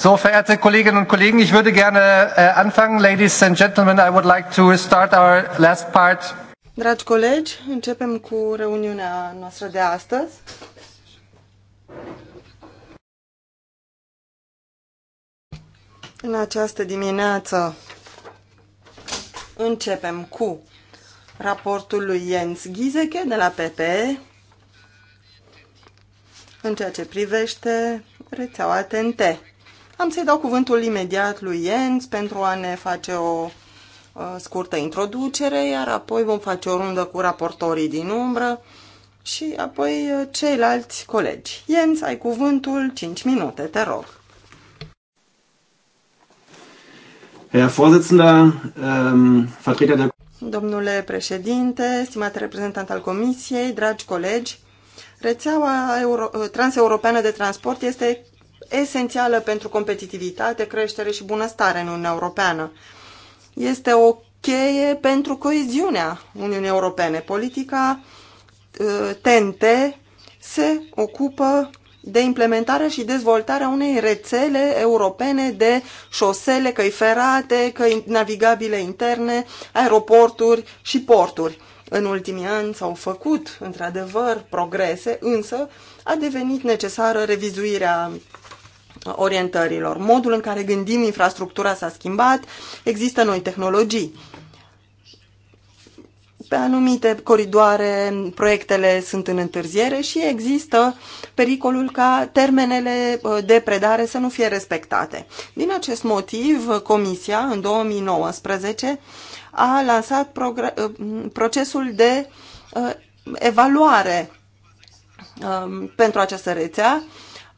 So, verehrte Kolleginnen und Kollegen, ich würde gerne äh, anfangen. Ladies and gentlemen, I would like to start our last part. Dragi colegi, începem cu reuniunea noastră de astăzi. În această dimineață începem cu raportul lui Jens Gizeke de la PPE în ceea ce privește rețeaua TNT. Am să-i dau cuvântul imediat lui Jens pentru a ne face o uh, scurtă introducere, iar apoi vom face o rundă cu raportorii din umbră și apoi uh, ceilalți colegi. Jens, ai cuvântul, 5 minute, te rog. Ähm, Domnule președinte, stimat reprezentant al Comisiei, dragi colegi, rețeaua euro, transeuropeană de transport este esențială pentru competitivitate, creștere și bunăstare în Uniunea Europeană. Este o cheie pentru coeziunea Uniunii Europene. Politica TNT uh, se ocupă de implementarea și dezvoltarea unei rețele europene de șosele, căi ferate, căi navigabile interne, aeroporturi și porturi. În ultimii ani s-au făcut, într-adevăr, progrese, însă a devenit necesară revizuirea orientărilor. Modul în care gândim infrastructura s-a schimbat, există noi tehnologii. Pe anumite coridoare proiectele sunt în întârziere și există pericolul ca termenele uh, de predare să nu fie respectate. Din acest motiv, Comisia în 2019 a lansat uh, procesul de uh, evaluare um, pentru această rețea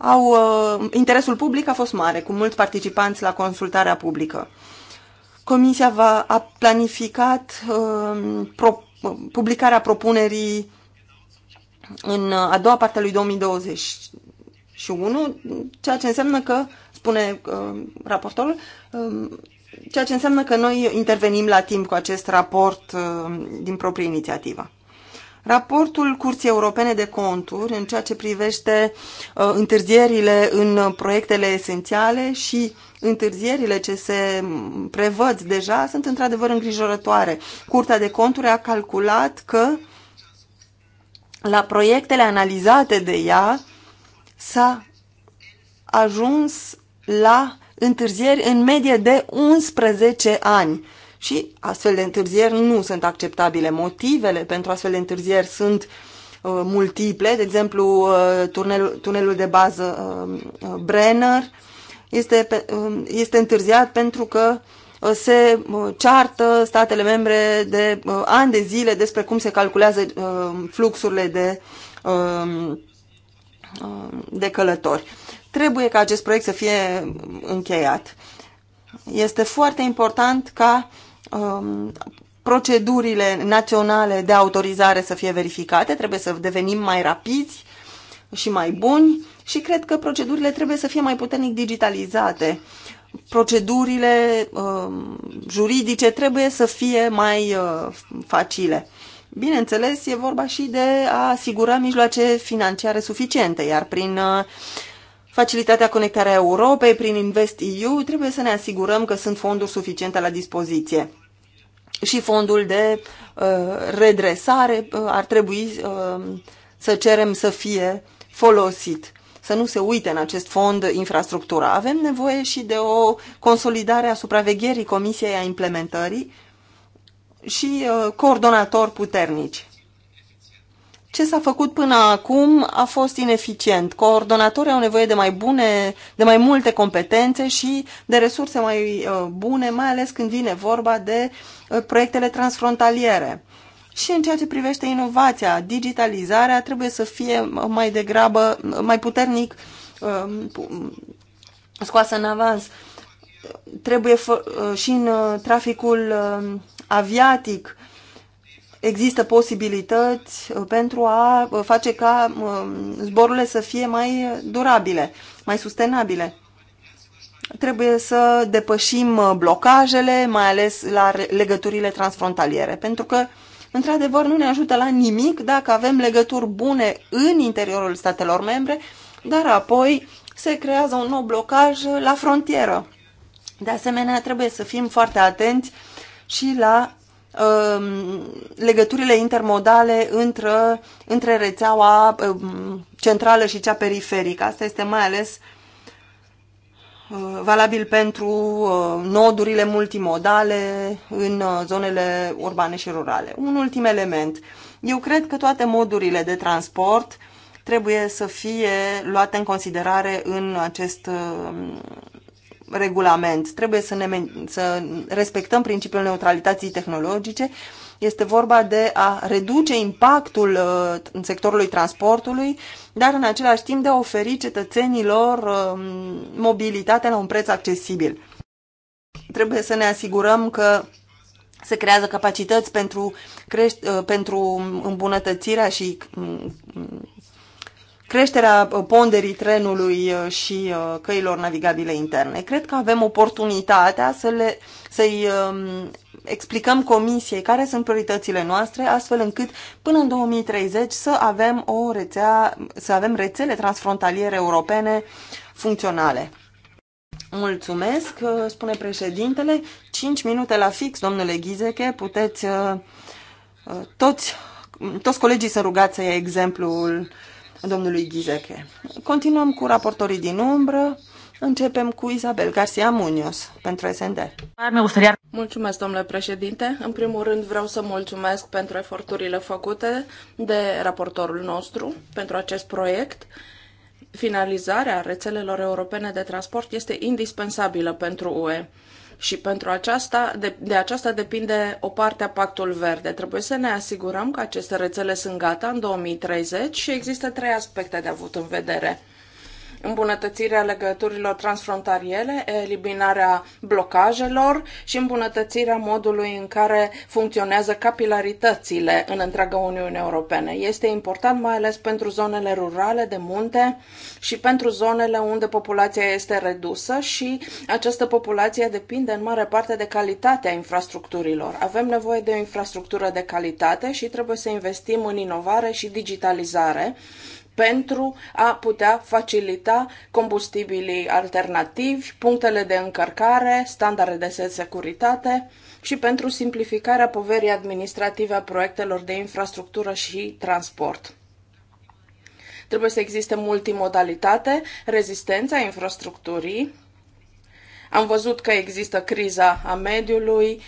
au, uh, interesul public a fost mare, cu mulți participanți la consultarea publică. Comisia va, a planificat uh, pro, publicarea propunerii în a doua parte a lui 2021, ceea ce înseamnă că, spune uh, raportorul, uh, ceea ce înseamnă că noi intervenim la timp cu acest raport uh, din proprie inițiativă. Raportul Curții Europene de Conturi în ceea ce privește uh, întârzierile în proiectele esențiale și întârzierile ce se prevăd deja sunt într-adevăr îngrijorătoare. Curtea de Conturi a calculat că la proiectele analizate de ea s-a ajuns la întârzieri în medie de 11 ani și astfel de întârzieri nu sunt acceptabile. Motivele pentru astfel de întârzieri sunt uh, multiple, de exemplu uh, tunelul, de bază uh, Brenner este, um, este întârziat pentru că se ceartă statele membre de ani de zile despre cum se calculează fluxurile de, um, de călători. Trebuie ca acest proiect să fie încheiat. Este foarte important ca uh, um, procedurile naționale de autorizare să fie verificate, trebuie să devenim mai rapizi și mai buni și cred că procedurile trebuie să fie mai puternic digitalizate. Procedurile um, juridice trebuie să fie mai uh, facile. Bineînțeles, e vorba și de a asigura mijloace financiare suficiente, iar prin uh, Facilitatea Conectarea Europei, prin InvestEU, trebuie să ne asigurăm că sunt fonduri suficiente la dispoziție și fondul de uh, redresare uh, ar trebui uh, să cerem să fie folosit. Să nu se uite în acest fond infrastructura. Avem nevoie și de o consolidare a supravegherii Comisiei a Implementării și coordonatori puternici ce s-a făcut până acum a fost ineficient. Coordonatorii au nevoie de mai bune, de mai multe competențe și de resurse mai uh, bune, mai ales când vine vorba de uh, proiectele transfrontaliere. Și în ceea ce privește inovația, digitalizarea trebuie să fie uh, mai degrabă, mai puternic um, scoasă în avans. Trebuie și în traficul um, aviatic există posibilități uh, pentru a uh, face ca uh, zborurile să fie mai durabile, mai sustenabile. Trebuie să depășim blocajele, mai ales la legăturile transfrontaliere, pentru că, într-adevăr, nu ne ajută la nimic dacă avem legături bune în interiorul statelor membre, dar apoi se creează un nou blocaj la frontieră. De asemenea, trebuie să fim foarte atenți și la Um, legăturile intermodale între, între rețeaua um, centrală și cea periferică. Asta este mai ales uh, valabil pentru uh, nodurile multimodale în uh, zonele urbane și rurale. Un ultim element. Eu cred că toate modurile de transport trebuie să fie luate în considerare în acest regulament. Trebuie să, ne, să respectăm principiul neutralității tehnologice. Este vorba de a reduce impactul uh, în sectorului transportului, dar în același timp de a oferi cetățenilor um, mobilitate la un preț accesibil. Trebuie să ne asigurăm că se creează capacități pentru, creș- uh, pentru îmbunătățirea și um, creșterea uh, ponderii trenului uh, și uh, căilor navigabile interne. Cred că avem oportunitatea să le, să-i um, explicăm comisiei care sunt prioritățile noastre, astfel încât până în 2030 să avem o rețea, să avem rețele transfrontaliere europene funcționale. Mulțumesc, spune președintele. 5 minute la fix, domnule Ghizeche, puteți toți, toți colegii să rugați să ia exemplul domnului Ghizeche. Continuăm cu raportorii din umbră. Începem cu Isabel Garcia Munoz pentru SND. Mulțumesc, domnule președinte. În primul rând vreau să mulțumesc pentru eforturile făcute de raportorul nostru pentru acest proiect. Finalizarea rețelelor europene de transport este indispensabilă pentru UE și pentru aceasta, de, de aceasta depinde o parte a pactul verde. Trebuie să ne asigurăm că aceste rețele sunt gata în 2030 și există trei aspecte de avut în vedere îmbunătățirea legăturilor transfrontaliere, eliminarea blocajelor și îmbunătățirea modului în care funcționează capilaritățile în întreaga Uniune Europene. Este important mai ales pentru zonele rurale de munte și pentru zonele unde populația este redusă și această populație depinde în mare parte de calitatea infrastructurilor. Avem nevoie de o infrastructură de calitate și trebuie să investim în inovare și digitalizare pentru a putea facilita combustibilii alternativi, punctele de încărcare, standarde de securitate și pentru simplificarea poverii administrative a proiectelor de infrastructură și transport. Trebuie să existe multimodalitate, rezistența infrastructurii. Am văzut că există criza a mediului,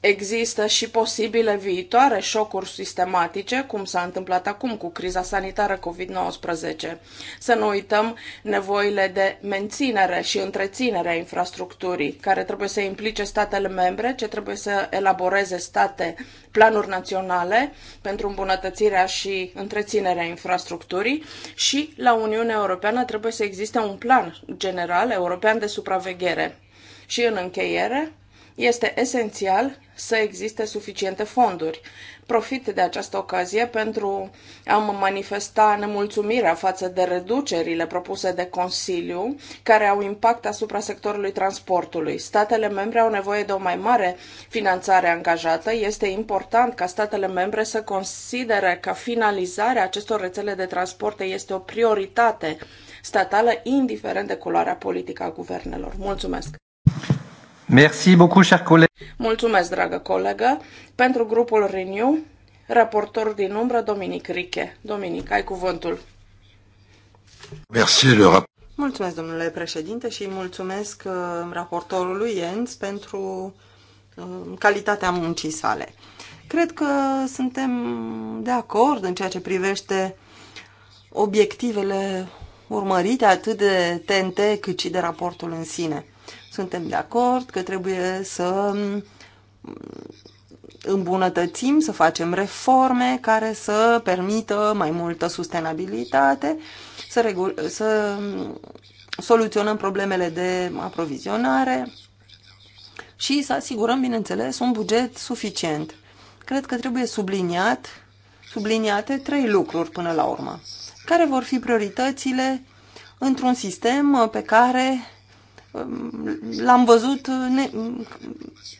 Există și posibile viitoare șocuri sistematice, cum s-a întâmplat acum cu criza sanitară COVID-19. Să nu uităm nevoile de menținere și întreținere a infrastructurii, care trebuie să implice statele membre, ce trebuie să elaboreze state planuri naționale pentru îmbunătățirea și întreținerea infrastructurii și la Uniunea Europeană trebuie să existe un plan general european de supraveghere. Și în încheiere, este esențial să existe suficiente fonduri. Profit de această ocazie pentru a mă manifesta nemulțumirea față de reducerile propuse de Consiliu, care au impact asupra sectorului transportului. Statele membre au nevoie de o mai mare finanțare angajată. Este important ca statele membre să considere că finalizarea acestor rețele de transport este o prioritate statală, indiferent de culoarea politică a guvernelor. Mulțumesc! Merci beaucoup, cher Mulțumesc, dragă colegă. Pentru grupul Renew, raportor din umbră, Dominic Riche. Dominic, ai cuvântul. Merci, le Mulțumesc, domnule președinte, și mulțumesc uh, raportorului Jens pentru uh, calitatea muncii sale. Cred că suntem de acord în ceea ce privește obiectivele urmărite atât de TNT cât și de raportul în sine. Suntem de acord că trebuie să îmbunătățim, să facem reforme care să permită mai multă sustenabilitate, să, să soluționăm problemele de aprovizionare și să asigurăm, bineînțeles, un buget suficient. Cred că trebuie subliniat, subliniate trei lucruri până la urmă. Care vor fi prioritățile într-un sistem pe care l-am văzut uh, ne,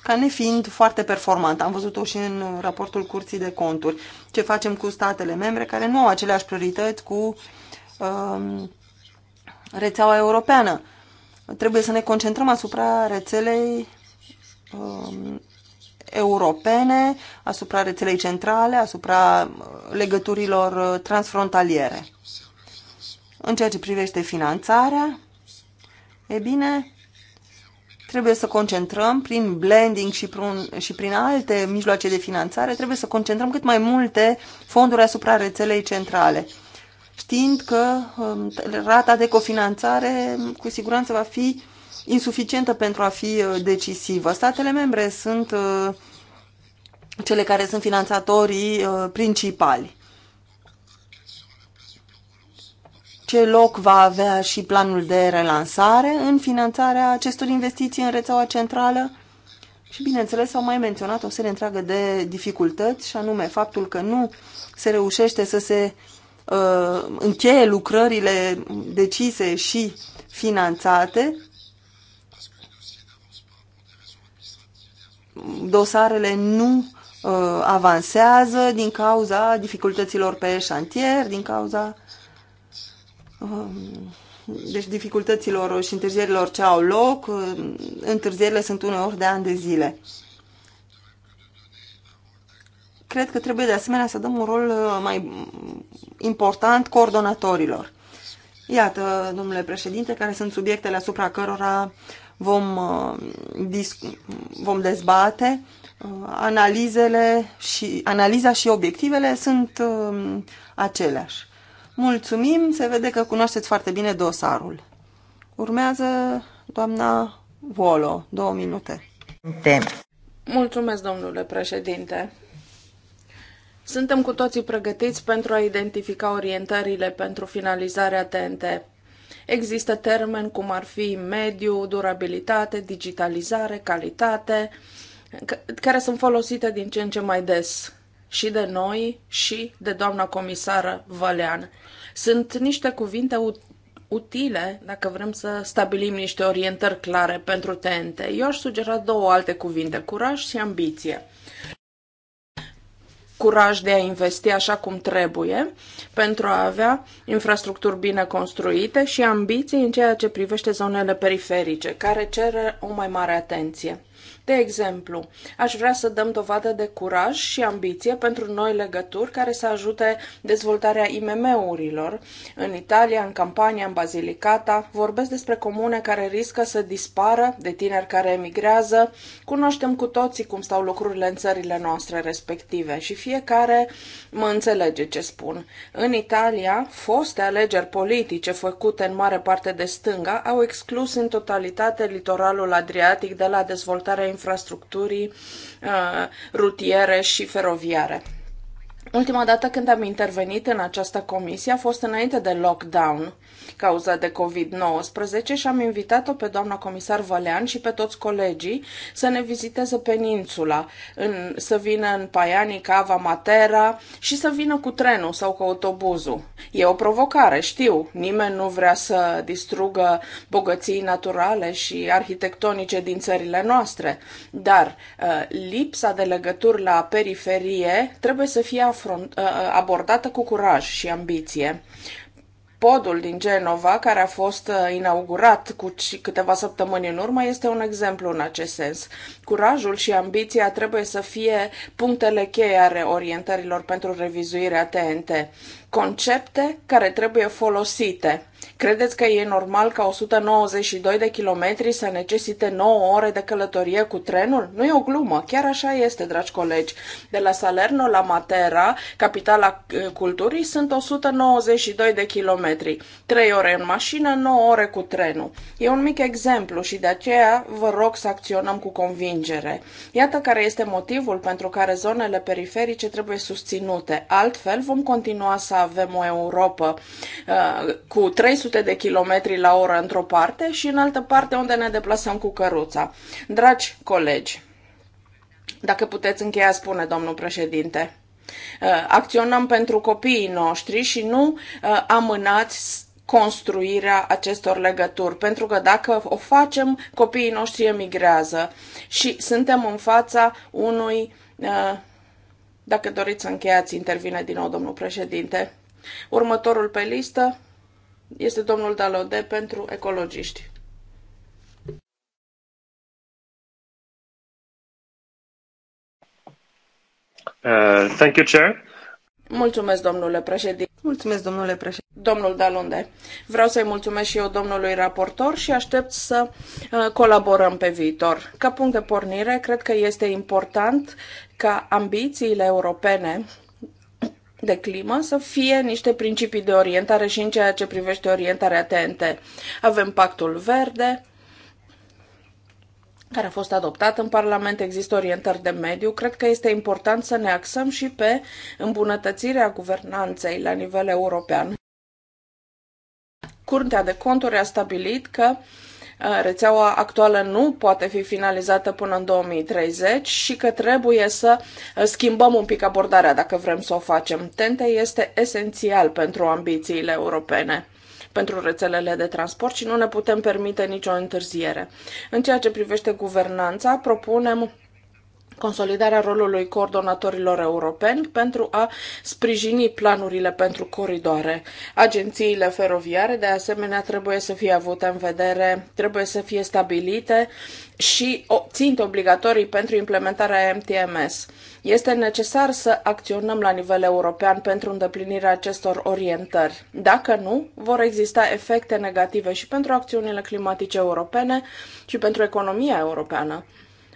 ca nefiind foarte performant. Am văzut-o și în uh, raportul Curții de Conturi. Ce facem cu statele membre care nu au aceleași priorități cu um, rețeaua europeană. Trebuie să ne concentrăm asupra rețelei um, europene, asupra rețelei centrale, asupra uh, legăturilor transfrontaliere. În ceea ce privește finanțarea, E bine, trebuie să concentrăm prin blending și prin, și prin alte mijloace de finanțare, trebuie să concentrăm cât mai multe fonduri asupra rețelei centrale, știind că um, rata de cofinanțare cu siguranță va fi insuficientă pentru a fi uh, decisivă. Statele membre sunt uh, cele care sunt finanțatorii uh, principali. ce loc va avea și planul de relansare în finanțarea acestor investiții în rețeaua centrală? Și bineînțeles au mai menționat o serie întreagă de dificultăți și anume faptul că nu se reușește să se uh, încheie lucrările decise și finanțate. Dosarele nu uh, avansează din cauza dificultăților pe șantier, din cauza Um, deci dificultăților și întârzierilor ce au loc. Um, întârzierile sunt uneori de ani de zile. Cred că trebuie de asemenea să dăm un rol uh, mai important coordonatorilor. Iată, domnule președinte, care sunt subiectele asupra cărora vom, uh, vom dezbate. Uh, analizele și, analiza și obiectivele sunt um, aceleași. Mulțumim, se vede că cunoașteți foarte bine dosarul. Urmează doamna Volo, două minute. Mulțumesc, domnule președinte. Suntem cu toții pregătiți pentru a identifica orientările pentru finalizarea TNT. Există termeni cum ar fi mediu, durabilitate, digitalizare, calitate, care sunt folosite din ce în ce mai des și de noi și de doamna comisară Vălean. Sunt niște cuvinte utile dacă vrem să stabilim niște orientări clare pentru TNT. Eu aș sugera două alte cuvinte, curaj și ambiție curaj de a investi așa cum trebuie pentru a avea infrastructuri bine construite și ambiții în ceea ce privește zonele periferice, care cer o mai mare atenție. De exemplu, aș vrea să dăm dovadă de curaj și ambiție pentru noi legături care să ajute dezvoltarea IMM-urilor. În Italia, în Campania, în Basilicata, vorbesc despre comune care riscă să dispară, de tineri care emigrează. Cunoaștem cu toții cum stau lucrurile în țările noastre respective și fiecare mă înțelege ce spun. În Italia, foste alegeri politice făcute în mare parte de stânga au exclus în totalitate litoralul adriatic de la dezvoltarea infrastructurii uh, rutiere și feroviare. Ultima dată când am intervenit în această comisie a fost înainte de lockdown, cauzat de COVID-19, și am invitat-o pe doamna comisar Valean și pe toți colegii să ne viziteze peninsula, în, să vină în Paiani, Cava, Matera și să vină cu trenul sau cu autobuzul. E o provocare, știu. Nimeni nu vrea să distrugă bogății naturale și arhitectonice din țările noastre, dar uh, lipsa de legături la periferie trebuie să fie afront, uh, abordată cu curaj și ambiție. Podul din Genova, care a fost uh, inaugurat cu câteva săptămâni în urmă, este un exemplu în acest sens. Curajul și ambiția trebuie să fie punctele cheie ale orientărilor pentru revizuirea TNT, concepte care trebuie folosite Credeți că e normal ca 192 de kilometri să necesite 9 ore de călătorie cu trenul? Nu e o glumă, chiar așa este, dragi colegi. De la Salerno la Matera, capitala eh, culturii, sunt 192 de kilometri. 3 ore în mașină, 9 ore cu trenul. E un mic exemplu și de aceea vă rog să acționăm cu convingere. Iată care este motivul pentru care zonele periferice trebuie susținute. Altfel vom continua să avem o Europa uh, cu 300 300 de kilometri la oră într-o parte și în altă parte unde ne deplasăm cu căruța. Dragi colegi, dacă puteți încheia, spune domnul președinte. Uh, acționăm pentru copiii noștri și nu uh, amânați construirea acestor legături, pentru că dacă o facem, copiii noștri emigrează și suntem în fața unui. Uh, dacă doriți să încheiați, intervine din nou domnul președinte. Următorul pe listă, este domnul Dalode pentru ecologiști. Uh, thank you, Chair. Mulțumesc, domnule președinte. Mulțumesc, domnule președinte. Domnul Dalunde, vreau să-i mulțumesc și eu domnului raportor și aștept să uh, colaborăm pe viitor. Ca punct de pornire, cred că este important ca ambițiile europene de climă să fie niște principii de orientare și în ceea ce privește orientarea TNT. Avem pactul verde, care a fost adoptat în Parlament, există orientări de mediu. Cred că este important să ne axăm și pe îmbunătățirea guvernanței la nivel european. Curtea de conturi a stabilit că uh, Uh, rețeaua actuală nu poate fi finalizată până în 2030 și că trebuie să uh, schimbăm un pic abordarea dacă vrem să o facem. TENTE este esențial pentru ambițiile europene pentru rețelele de transport și nu ne putem permite nicio întârziere. În ceea ce privește guvernanța, propunem consolidarea rolului coordonatorilor europeni pentru a sprijini planurile pentru coridoare. Agențiile feroviare, de asemenea, trebuie să fie avute în vedere, trebuie să fie stabilite și ținte obligatorii pentru implementarea MTMS. Este necesar să acționăm la nivel european pentru îndeplinirea acestor orientări. Dacă nu, vor exista efecte negative și pentru acțiunile climatice europene și pentru economia europeană.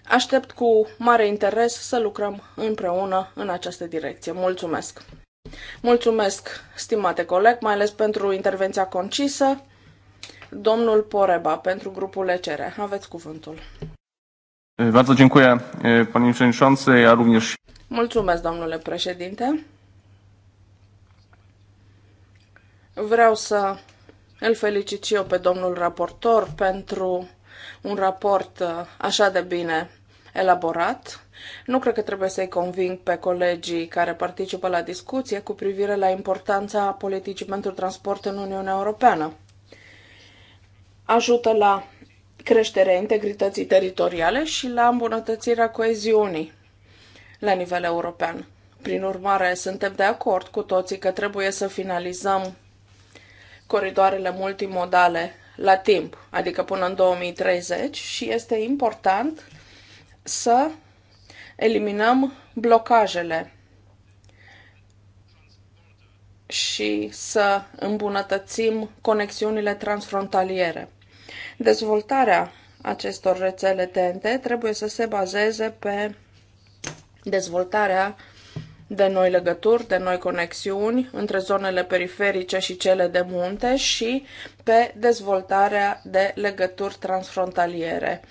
Aștept cu mare interes să lucrăm împreună în această direcție. Mulțumesc! Mulțumesc, stimate coleg, mai ales pentru intervenția concisă. Domnul Poreba, pentru grupul ECR. Aveți cuvântul. Bardzo dziękuję, panie przewodniczący. Ja również... Mulțumesc, domnule președinte. Vreau să îl felicit și eu pe domnul raportor pentru un raport uh, așa de bine elaborat. Nu cred că trebuie să-i conving pe colegii care participă la discuție cu privire la importanța politicii pentru transport în Uniunea Europeană. Ajută la creșterea integrității teritoriale și la îmbunătățirea coeziunii la nivel european. Prin urmare, suntem de acord cu toții că trebuie să finalizăm coridoarele multimodale la timp, adică până în 2030 și este important să eliminăm blocajele și să îmbunătățim conexiunile transfrontaliere. Dezvoltarea acestor rețele TNT trebuie să se bazeze pe dezvoltarea de noi legături, de noi conexiuni între zonele periferice și cele de munte și pe dezvoltarea de legături transfrontaliere.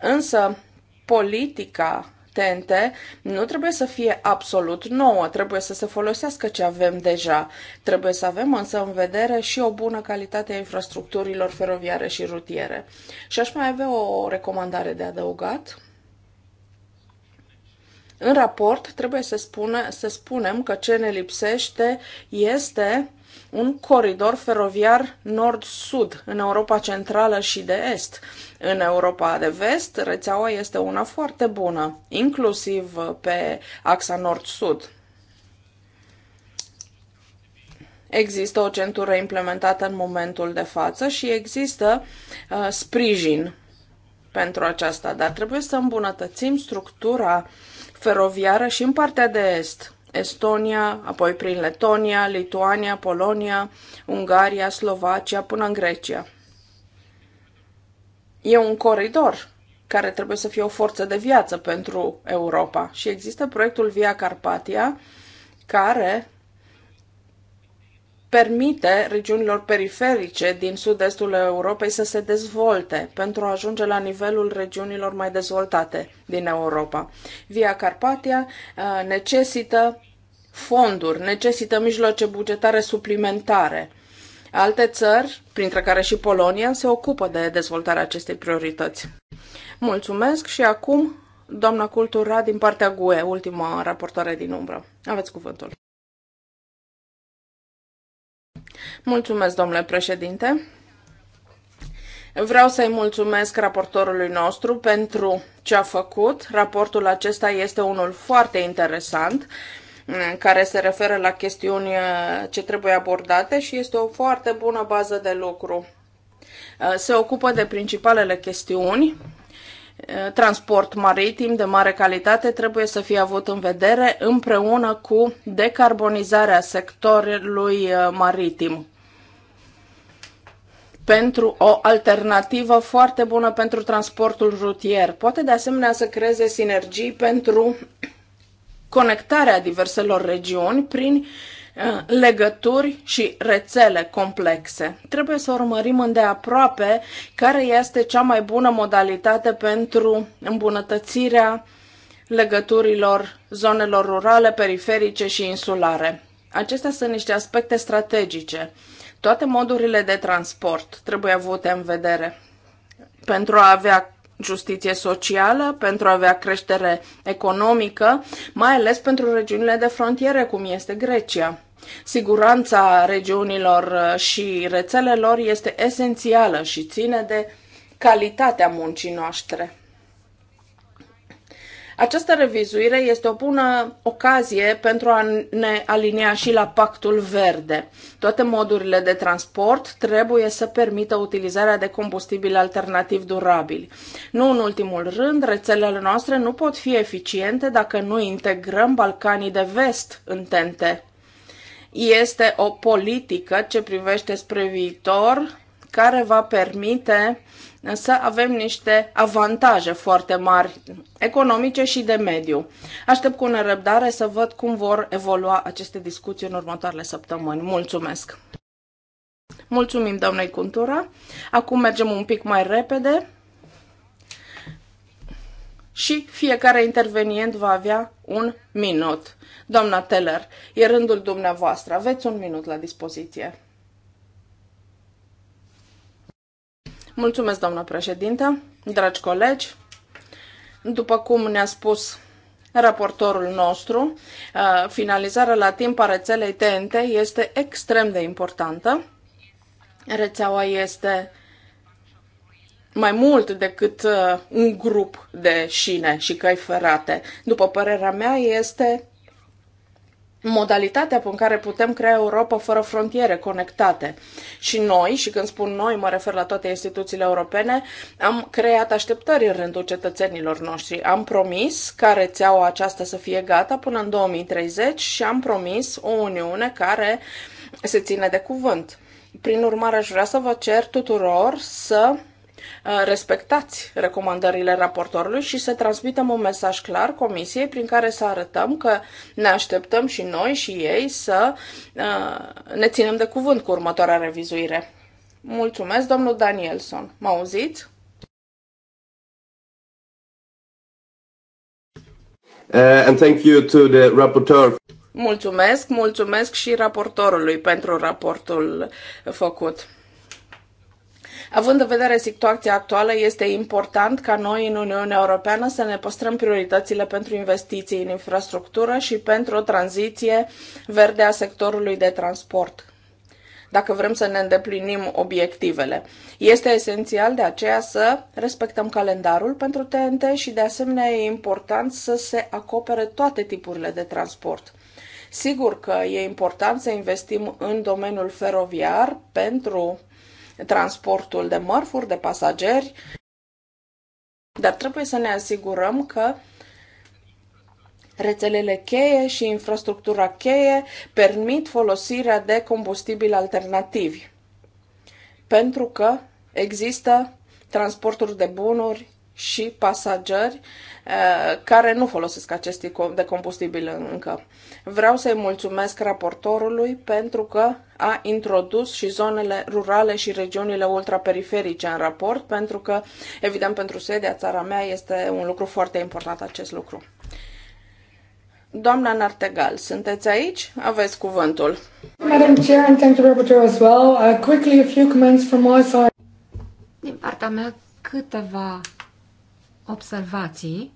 Însă, politica TNT nu trebuie să fie absolut nouă, trebuie să se folosească ce avem deja. Trebuie să avem însă în vedere și o bună calitate a infrastructurilor feroviare și rutiere. Și aș mai avea o recomandare de adăugat în raport trebuie să, spune, să spunem că ce ne lipsește este un coridor feroviar nord-sud în Europa Centrală și de Est. În Europa de Vest, rețeaua este una foarte bună, inclusiv pe axa nord-sud. Există o centură implementată în momentul de față și există uh, sprijin pentru aceasta, dar trebuie să îmbunătățim structura uh, feroviară și în partea de est, Estonia, apoi prin Letonia, Lituania, Polonia, Ungaria, Slovacia, până în Grecia. E un coridor care trebuie să fie o forță de viață pentru Europa și există proiectul Via Carpatia, care permite regiunilor periferice din sud-estul Europei să se dezvolte pentru a ajunge la nivelul regiunilor mai dezvoltate din Europa. Via Carpatia uh, necesită fonduri, necesită mijloace bugetare suplimentare. Alte țări, printre care și Polonia, se ocupă de dezvoltarea acestei priorități. Mulțumesc și acum, doamna Cultura, din partea GUE, ultima raportoare din umbră. Aveți cuvântul. Mulțumesc, domnule președinte. Vreau să-i mulțumesc raportorului nostru pentru ce a făcut. Raportul acesta este unul foarte interesant mm, care se referă la chestiuni uh, ce trebuie abordate și este o foarte bună bază de lucru. Uh, se ocupă de principalele chestiuni transport maritim de mare calitate trebuie să fie avut în vedere împreună cu decarbonizarea sectorului uh, maritim pentru o alternativă foarte bună pentru transportul rutier. Poate de asemenea să creeze sinergii pentru conectarea diverselor regiuni prin uh, Uh, legături și rețele complexe. Trebuie să urmărim îndeaproape care este cea mai bună modalitate pentru îmbunătățirea legăturilor zonelor rurale, periferice și insulare. Acestea sunt niște aspecte strategice. Toate modurile de transport trebuie avute în vedere pentru a avea justiție socială, pentru a avea creștere economică, mai ales pentru regiunile de frontiere, cum este Grecia. Siguranța regiunilor uh, și rețelelor este esențială și ține de calitatea muncii noastre. Această revizuire este o bună ocazie pentru a ne alinia și la pactul verde. Toate modurile de transport trebuie să permită utilizarea de combustibili alternativi durabili. Nu în ultimul rând, rețelele noastre nu pot fi eficiente dacă nu integrăm Balcanii de vest în TNT. Este o politică ce privește spre viitor care va permite să avem niște avantaje foarte mari economice și de mediu. Aștept cu nerăbdare să văd cum vor evolua aceste discuții în următoarele săptămâni. Mulțumesc! Mulțumim, doamnei Cuntura. Acum mergem un pic mai repede și fiecare intervenient va avea un minut. Doamna Teller, e rândul dumneavoastră. Aveți un minut la dispoziție. Mulțumesc, doamnă președintă, dragi colegi. După cum ne-a spus raportorul nostru, uh, finalizarea la timp a rețelei TNT este extrem de importantă. Rețeaua este mai mult decât uh, un grup de șine și căi ferate. După părerea mea, este modalitatea prin care putem crea Europa fără frontiere conectate. Și noi, și când spun noi, mă refer la toate instituțiile europene, am creat așteptări în rândul cetățenilor noștri. Am promis ca rețeaua aceasta să fie gata până în 2030 și am promis o Uniune care se ține de cuvânt. Prin urmare, aș vrea să vă cer tuturor să Uh, respectați recomandările raportorului și să transmitem un mesaj clar Comisiei prin care să arătăm că ne așteptăm și noi și ei să uh, ne ținem de cuvânt cu următoarea revizuire. Mulțumesc, domnul Danielson. Mă auziți? Uh, and thank you to the rapporteur. Mulțumesc, mulțumesc și raportorului pentru raportul făcut. Având în vedere situația actuală, este important ca noi în Uniunea Europeană să ne păstrăm prioritățile pentru investiții în infrastructură și pentru o tranziție verde a sectorului de transport dacă vrem să ne îndeplinim obiectivele. Este esențial de aceea să respectăm calendarul pentru TNT și de asemenea e important să se acopere toate tipurile de transport. Sigur că e important să investim în domeniul feroviar pentru transportul de mărfuri, de pasageri, dar trebuie să ne asigurăm că rețelele cheie și infrastructura cheie permit folosirea de combustibili alternativi. Pentru că există transporturi de bunuri și pasageri uh, care nu folosesc acest tip de combustibil încă. Vreau să-i mulțumesc raportorului pentru că a introdus și zonele rurale și regiunile ultraperiferice în raport, pentru că, evident, pentru Suedia, țara mea, este un lucru foarte important acest lucru. Doamna Nartegal, sunteți aici? Aveți cuvântul. Madam Chair, and thank you, rapporteur as well. Uh, quickly, a few comments from my side. Din partea mea, câteva observații.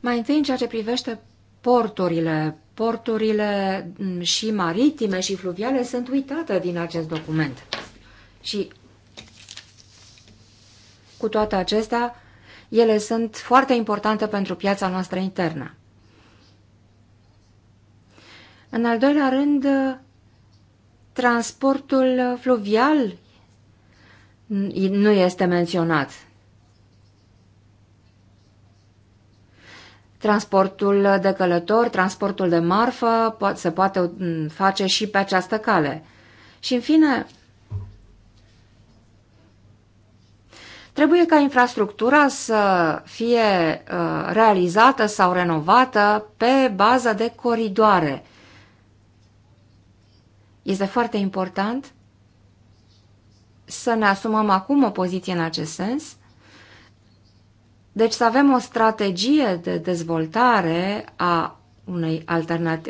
Mai întâi în ceea ce privește porturile. Porturile mm, și maritime și fluviale sunt uitate din acest document. Și cu toate acestea, ele sunt foarte importante pentru piața noastră internă. În al doilea rând, transportul fluvial nu este menționat. Transportul de călător, transportul de marfă se poate mm, face și pe această cale. Și în fine, trebuie ca infrastructura să fie uh, realizată sau renovată pe bază de coridoare. Este foarte important să ne asumăm acum o poziție în acest sens. Deci să avem o strategie de dezvoltare a unei,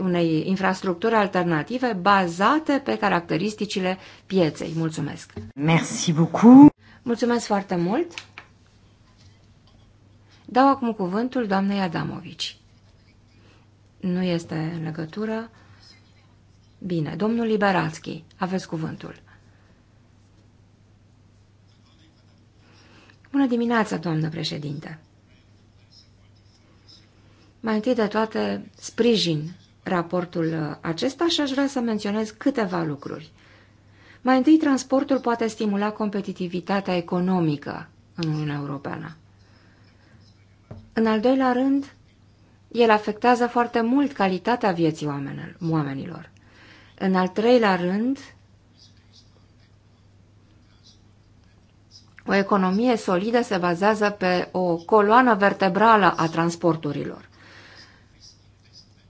unei infrastructuri alternative bazate pe caracteristicile pieței. Mulțumesc! Merci beaucoup! Mulțumesc foarte mult! Dau acum cuvântul doamnei Adamovici. Nu este în legătură? Bine, domnul Liberatski, aveți cuvântul. Bună dimineața, doamnă președinte! Mai întâi de toate, sprijin raportul acesta și aș vrea să menționez câteva lucruri. Mai întâi, transportul poate stimula competitivitatea economică în Uniunea Europeană. În al doilea rând, el afectează foarte mult calitatea vieții oamenilor. În al treilea rând, O economie solidă se bazează pe o coloană vertebrală a transporturilor.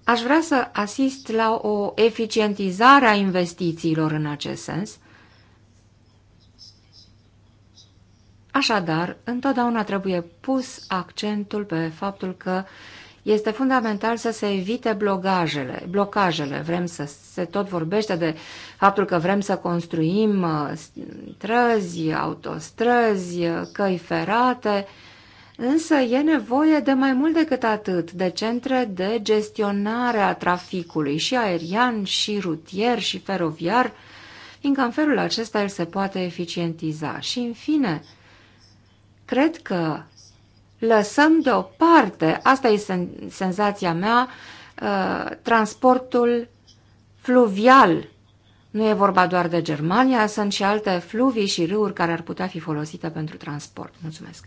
Aș vrea să asist la o eficientizare a investițiilor în acest sens. Așadar, întotdeauna trebuie pus accentul pe faptul că este fundamental să se evite blocajele. blocajele. Vrem să se tot vorbește de faptul că vrem să construim uh, străzi, autostrăzi, uh, căi ferate, însă e nevoie de mai mult decât atât, de centre de gestionare a traficului și aerian, și rutier, și feroviar, fiindcă în felul acesta el se poate eficientiza. Și, în fine, cred că lăsăm deoparte, asta e sen senzația mea, uh, transportul fluvial. Nu e vorba doar de Germania, sunt și alte fluvii și râuri care ar putea fi folosite pentru transport. Mulțumesc!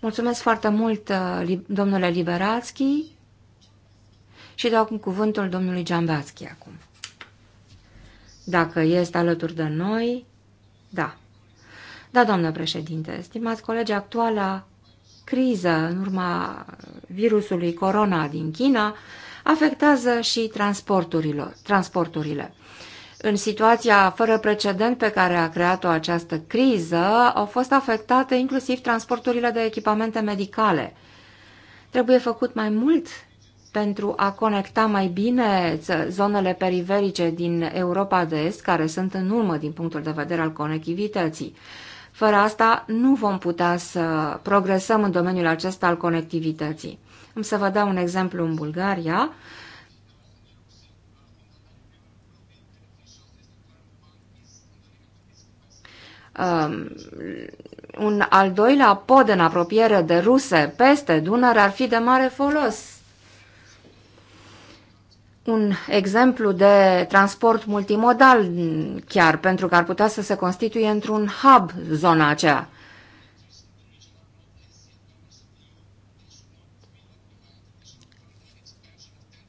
Mulțumesc foarte mult, uh, domnule Liberațchi, și dau acum cuvântul domnului Giambațchi acum. Dacă este alături de noi, da. Da, doamnă președinte, stimați colegi, actuala criză în urma virusului corona din China afectează și transporturile. În situația fără precedent pe care a creat-o această criză, au fost afectate inclusiv transporturile de echipamente medicale. Trebuie făcut mai mult pentru a conecta mai bine zonele periferice din Europa de Est, care sunt în urmă din punctul de vedere al conectivității. Fără asta nu vom putea să progresăm în domeniul acesta al conectivității. Am să vă dau un exemplu în Bulgaria. Um, un al doilea pod în apropiere de ruse peste Dunăre ar fi de mare folos un exemplu de transport multimodal chiar, pentru că ar putea să se constituie într-un hub zona aceea.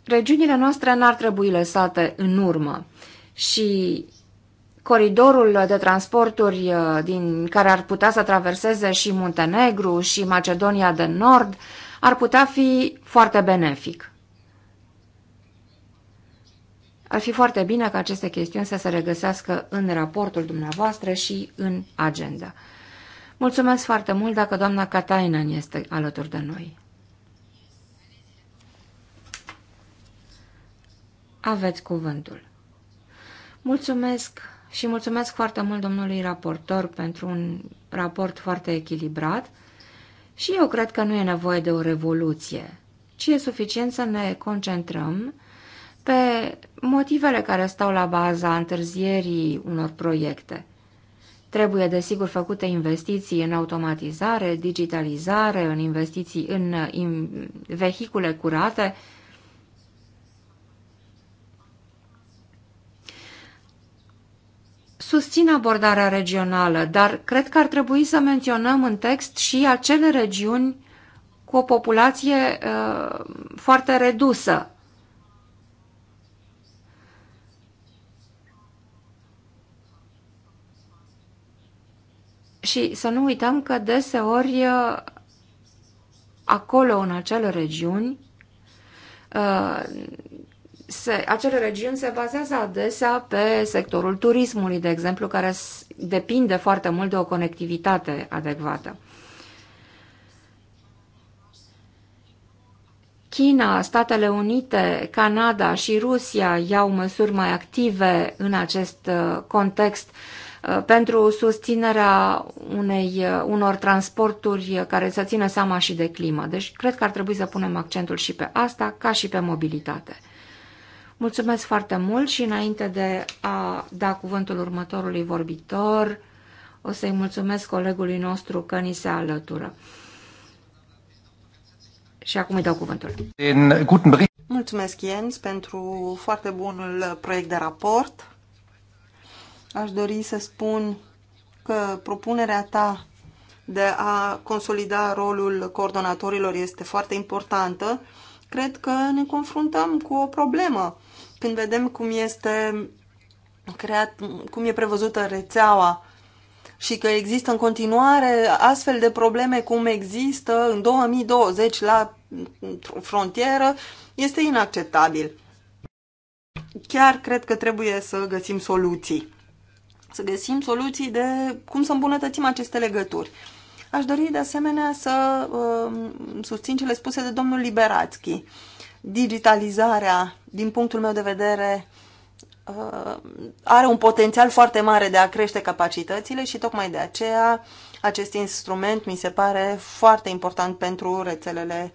Regiunile noastre n-ar trebui lăsate în urmă și coridorul de transporturi uh, din care ar putea să traverseze și Muntenegru și Macedonia de Nord ar putea fi foarte benefic. Ar fi foarte bine ca aceste chestiuni să se regăsească în raportul dumneavoastră și în agenda. Mulțumesc foarte mult dacă doamna Katainen este alături de noi. Aveți cuvântul. Mulțumesc și mulțumesc foarte mult domnului raportor pentru un raport foarte echilibrat și eu cred că nu e nevoie de o revoluție, ci e suficient să ne concentrăm pe motivele care stau la baza întârzierii unor proiecte. Trebuie, desigur, făcute investiții în automatizare, digitalizare, în investiții în, în vehicule curate. Susțin abordarea regională, dar cred că ar trebui să menționăm în text și acele regiuni cu o populație uh, foarte redusă, Și să nu uităm că deseori uh, acolo, în acele regiuni, uh, se, acele regiuni se bazează adesea pe sectorul turismului, de exemplu, care depinde foarte mult de o conectivitate adecvată. China, Statele Unite, Canada și Rusia iau măsuri mai active în acest uh, context Uh, pentru susținerea unei, uh, unor transporturi uh, care să țină seama și de climă. Deci cred că ar trebui să punem accentul și pe asta, ca și pe mobilitate. Mulțumesc foarte mult și înainte de a da cuvântul următorului vorbitor, o să-i mulțumesc colegului nostru că ni se alătură. Și acum îi dau cuvântul. Mulțumesc, Jens, pentru foarte bunul proiect de raport. Aș dori să spun că propunerea ta de a consolida rolul coordonatorilor este foarte importantă. Cred că ne confruntăm cu o problemă când vedem cum este creat, cum e prevăzută rețeaua și că există în continuare astfel de probleme cum există în 2020 la frontieră, este inacceptabil. Chiar cred că trebuie să găsim soluții să găsim soluții de cum să îmbunătățim aceste legături. Aș dori de asemenea să uh, susțin cele spuse de domnul Liberațchi. Digitalizarea, din punctul meu de vedere, uh, are un potențial foarte mare de a crește capacitățile și tocmai de aceea acest instrument mi se pare foarte important pentru rețelele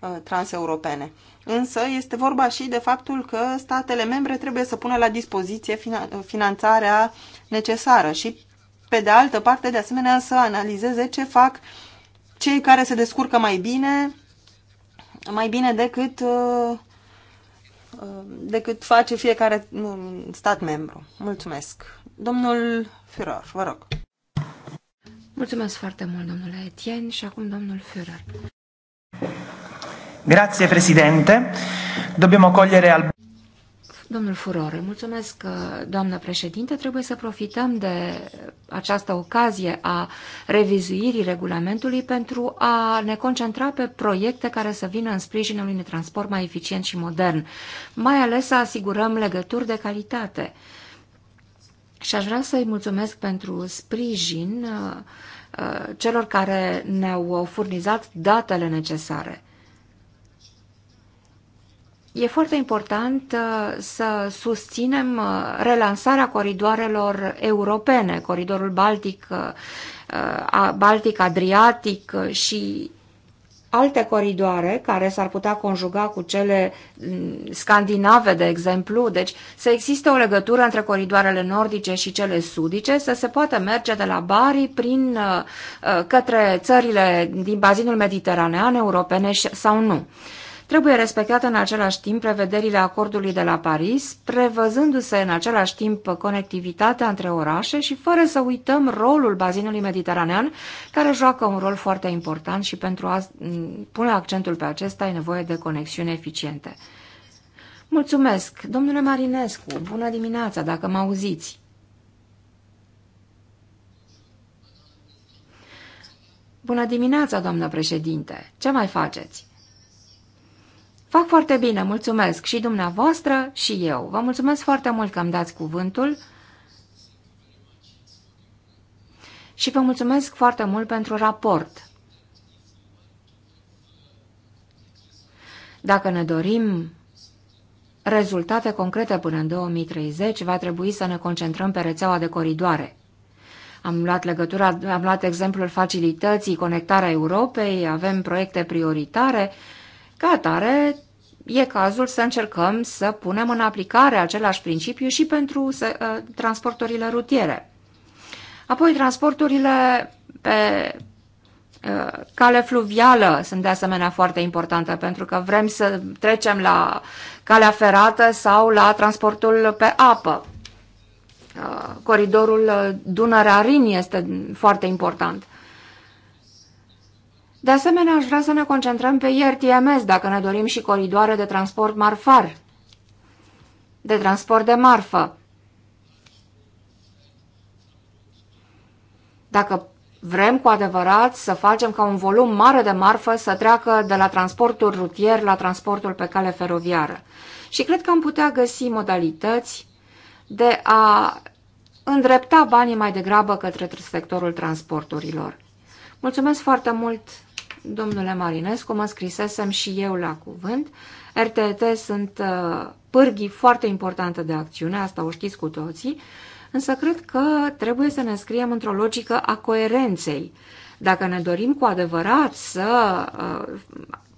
uh, transeuropene. Însă este vorba și de faptul că statele membre trebuie să pună la dispoziție finanțarea necesară și, pe de altă parte, de asemenea, să analizeze ce fac cei care se descurcă mai bine, mai bine decât, uh, decât face fiecare um, stat membru. Mulțumesc. Domnul Führer, vă rog. Mulțumesc foarte mult, domnule Etienne, și acum domnul Führer. Grazie Presidente. Dobbiamo cogliere al... Domnul Furore, mulțumesc, uh, doamnă președinte. Trebuie să profităm de această ocazie a revizuirii regulamentului pentru a ne concentra pe proiecte care să vină în sprijinul unui transport mai eficient și modern, mai ales să asigurăm legături de calitate. Și aș vrea să-i mulțumesc pentru sprijin uh, uh, celor care ne-au furnizat datele necesare. E foarte important uh, să susținem uh, relansarea coridoarelor europene, coridorul Baltic, uh, Baltic-Adriatic și alte coridoare care s-ar putea conjuga cu cele mm, scandinave, de exemplu, deci să existe o legătură între coridoarele nordice și cele sudice, să se poată merge de la Bari prin către țările din bazinul mediteranean europene sau nu. Trebuie respectate în același timp prevederile acordului de la Paris, prevăzându-se în același timp conectivitatea între orașe și fără să uităm rolul bazinului mediteranean, care joacă un rol foarte important și pentru a pune accentul pe acesta e nevoie de conexiuni eficiente. Mulțumesc, domnule Marinescu, bună dimineața, dacă mă auziți. Bună dimineața, doamnă președinte! Ce mai faceți? Fac foarte bine, mulțumesc și dumneavoastră și eu. Vă mulțumesc foarte mult că îmi dați cuvântul și vă mulțumesc foarte mult pentru raport. Dacă ne dorim rezultate concrete până în 2030, va trebui să ne concentrăm pe rețeaua de coridoare. Am luat legătura, am luat exemplul facilității, conectarea Europei, avem proiecte prioritare, ca atare, e cazul să încercăm să punem în aplicare același principiu și pentru ă, transporturile rutiere. Apoi, transporturile pe ă, cale fluvială sunt de asemenea foarte importante pentru că vrem să trecem la calea ferată sau la transportul pe apă. Ă, coridorul Dunărea-Rin este foarte important. De asemenea, aș vrea să ne concentrăm pe IRTMS, dacă ne dorim și coridoare de transport marfar, de transport de marfă. Dacă vrem cu adevărat să facem ca un volum mare de marfă să treacă de la transportul rutier la transportul pe cale feroviară. Și cred că am putea găsi modalități de a îndrepta banii mai degrabă către sectorul transporturilor. Mulțumesc foarte mult domnule Marinescu, mă scrisesem și eu la cuvânt. RTT sunt uh, pârghii foarte importante de acțiune, asta o știți cu toții, însă cred că trebuie să ne scriem într-o logică a coerenței. Dacă ne dorim cu adevărat să uh,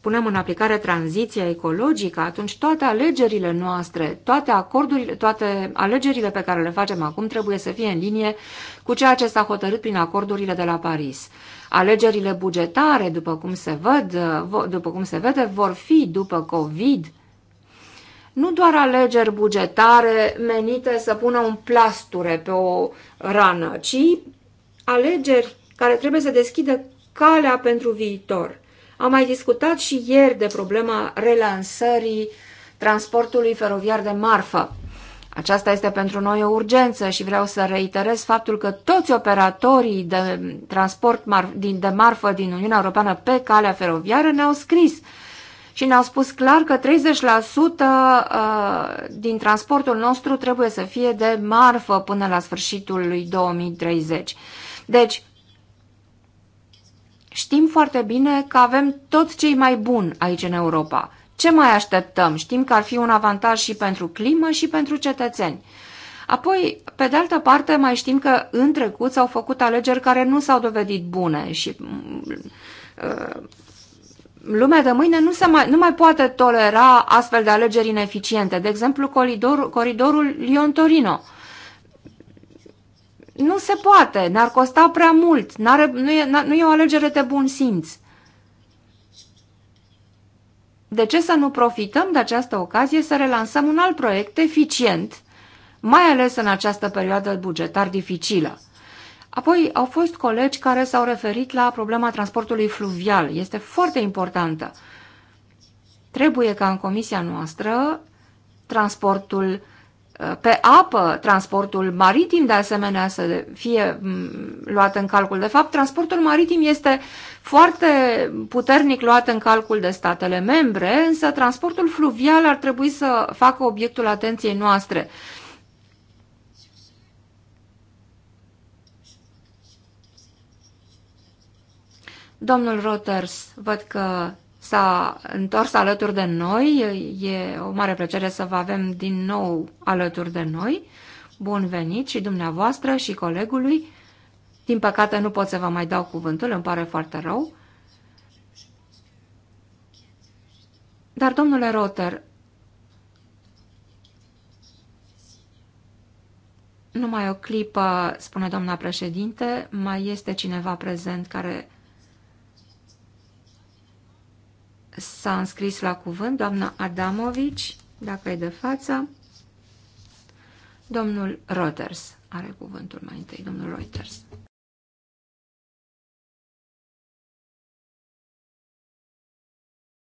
punem în aplicare tranziția ecologică, atunci toate alegerile noastre, toate acordurile, toate alegerile pe care le facem acum trebuie să fie în linie cu ceea ce s-a hotărât prin acordurile de la Paris. Alegerile bugetare, după cum se, văd, uh, după cum se vede, vor fi după COVID nu doar alegeri bugetare menite să pună un plasture pe o rană, ci alegeri care trebuie să deschidă calea pentru viitor. Am mai discutat și ieri de problema relansării transportului feroviar de marfă. Aceasta este pentru noi o urgență și vreau să reiterez faptul că toți operatorii de transport mar- din, de marfă din Uniunea Europeană pe calea feroviară ne-au scris și ne-au spus clar că 30% uh, din transportul nostru trebuie să fie de marfă până la sfârșitul lui 2030. Deci, știm foarte bine că avem tot ce mai bun aici în Europa. Ce mai așteptăm? Știm că ar fi un avantaj și pentru climă și pentru cetățeni. Apoi, pe de altă parte, mai știm că în trecut s-au făcut alegeri care nu s-au dovedit bune și uh, lumea de mâine nu, se mai, nu mai poate tolera astfel de alegeri ineficiente. De exemplu, coridorul, coridorul Lyon-Torino. Nu se poate, ne-ar costa prea mult, nu e, nu e o alegere de bun simț de ce să nu profităm de această ocazie să relansăm un alt proiect eficient, mai ales în această perioadă bugetar dificilă? Apoi au fost colegi care s-au referit la problema transportului fluvial. Este foarte importantă. Trebuie ca în comisia noastră transportul pe apă, transportul maritim de asemenea să fie mm, luat în calcul. De fapt, transportul maritim este foarte puternic luat în calcul de statele membre, însă transportul fluvial ar trebui să facă obiectul atenției noastre. Domnul Roters, văd că s-a întors alături de noi. E o mare plăcere să vă avem din nou alături de noi. Bun venit și dumneavoastră și colegului. Din păcate nu pot să vă mai dau cuvântul, îmi pare foarte rău. Dar, domnule Rotter, numai o clipă, spune doamna președinte, mai este cineva prezent care s-a înscris la cuvânt doamna Adamovici, dacă e de față. Domnul Reuters are cuvântul mai întâi, domnul Reuters.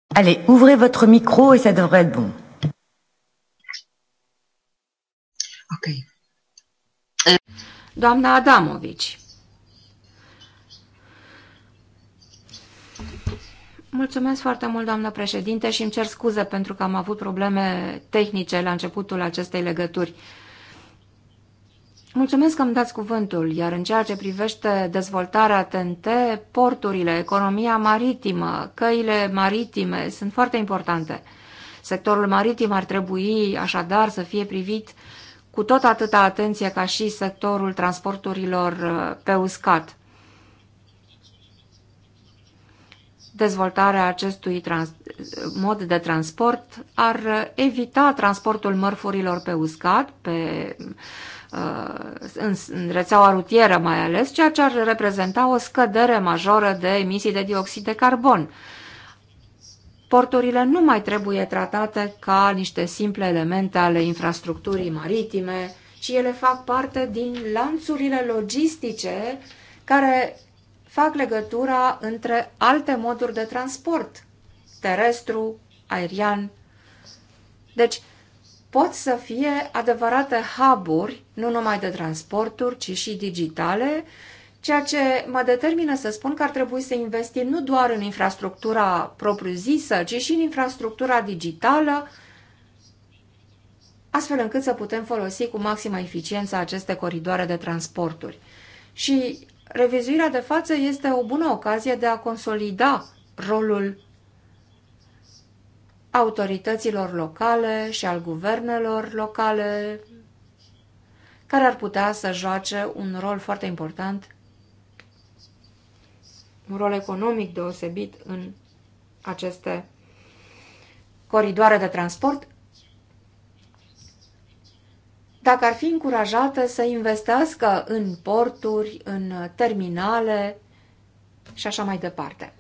Allez, ouvrez votre micro et ça devrait être bon. Ok. Doamna Adamovici. Mulțumesc foarte mult, doamnă președinte, și îmi cer scuze pentru că am avut probleme tehnice la începutul acestei legături. Mulțumesc că îmi dați cuvântul, iar în ceea ce privește dezvoltarea TNT, porturile, economia maritimă, căile maritime sunt foarte importante. Sectorul maritim ar trebui așadar să fie privit cu tot atâta atenție ca și sectorul transporturilor uh, pe uscat. dezvoltarea acestui mod de transport ar evita transportul mărfurilor pe uscat, pe, uh, în, în rețeaua rutieră mai ales, ceea ce ar reprezenta o scădere majoră de emisii de dioxid de carbon. Porturile nu mai trebuie tratate ca niște simple elemente ale infrastructurii maritime, ci ele fac parte din lanțurile logistice care fac legătura între alte moduri de transport, terestru, aerian. Deci, pot să fie adevărate hub nu numai de transporturi, ci și digitale, ceea ce mă determină să spun că ar trebui să investim nu doar în infrastructura propriu-zisă, ci și în infrastructura digitală, astfel încât să putem folosi cu maximă eficiență aceste coridoare de transporturi. Și revizuirea de față este o bună ocazie de a consolida rolul autorităților locale și al guvernelor locale, care ar putea să joace un rol foarte important, un rol economic deosebit în aceste coridoare de transport, dacă ar fi încurajată să investească în porturi, în terminale și așa mai departe.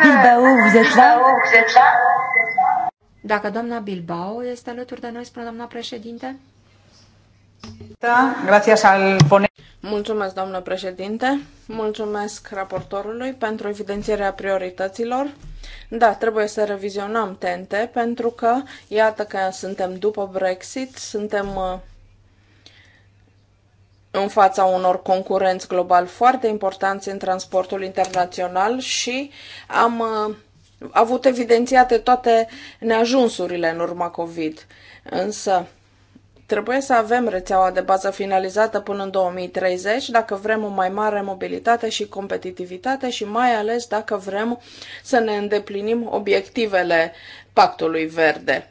Bilbao, vous Dacă doamna Bilbao este alături de noi, spune doamna președinte. Da, Mulțumesc, doamnă președinte. Mulțumesc raportorului pentru evidențierea priorităților. Da, trebuie să revizionăm tente pentru că, iată că suntem după Brexit, suntem uh, în fața unor concurenți global foarte importanți în transportul internațional și am uh, avut evidențiate toate neajunsurile în urma COVID. Însă, trebuie să avem rețeaua de bază finalizată până în 2030 dacă vrem o mai mare mobilitate și competitivitate și mai ales dacă vrem să ne îndeplinim obiectivele pactului verde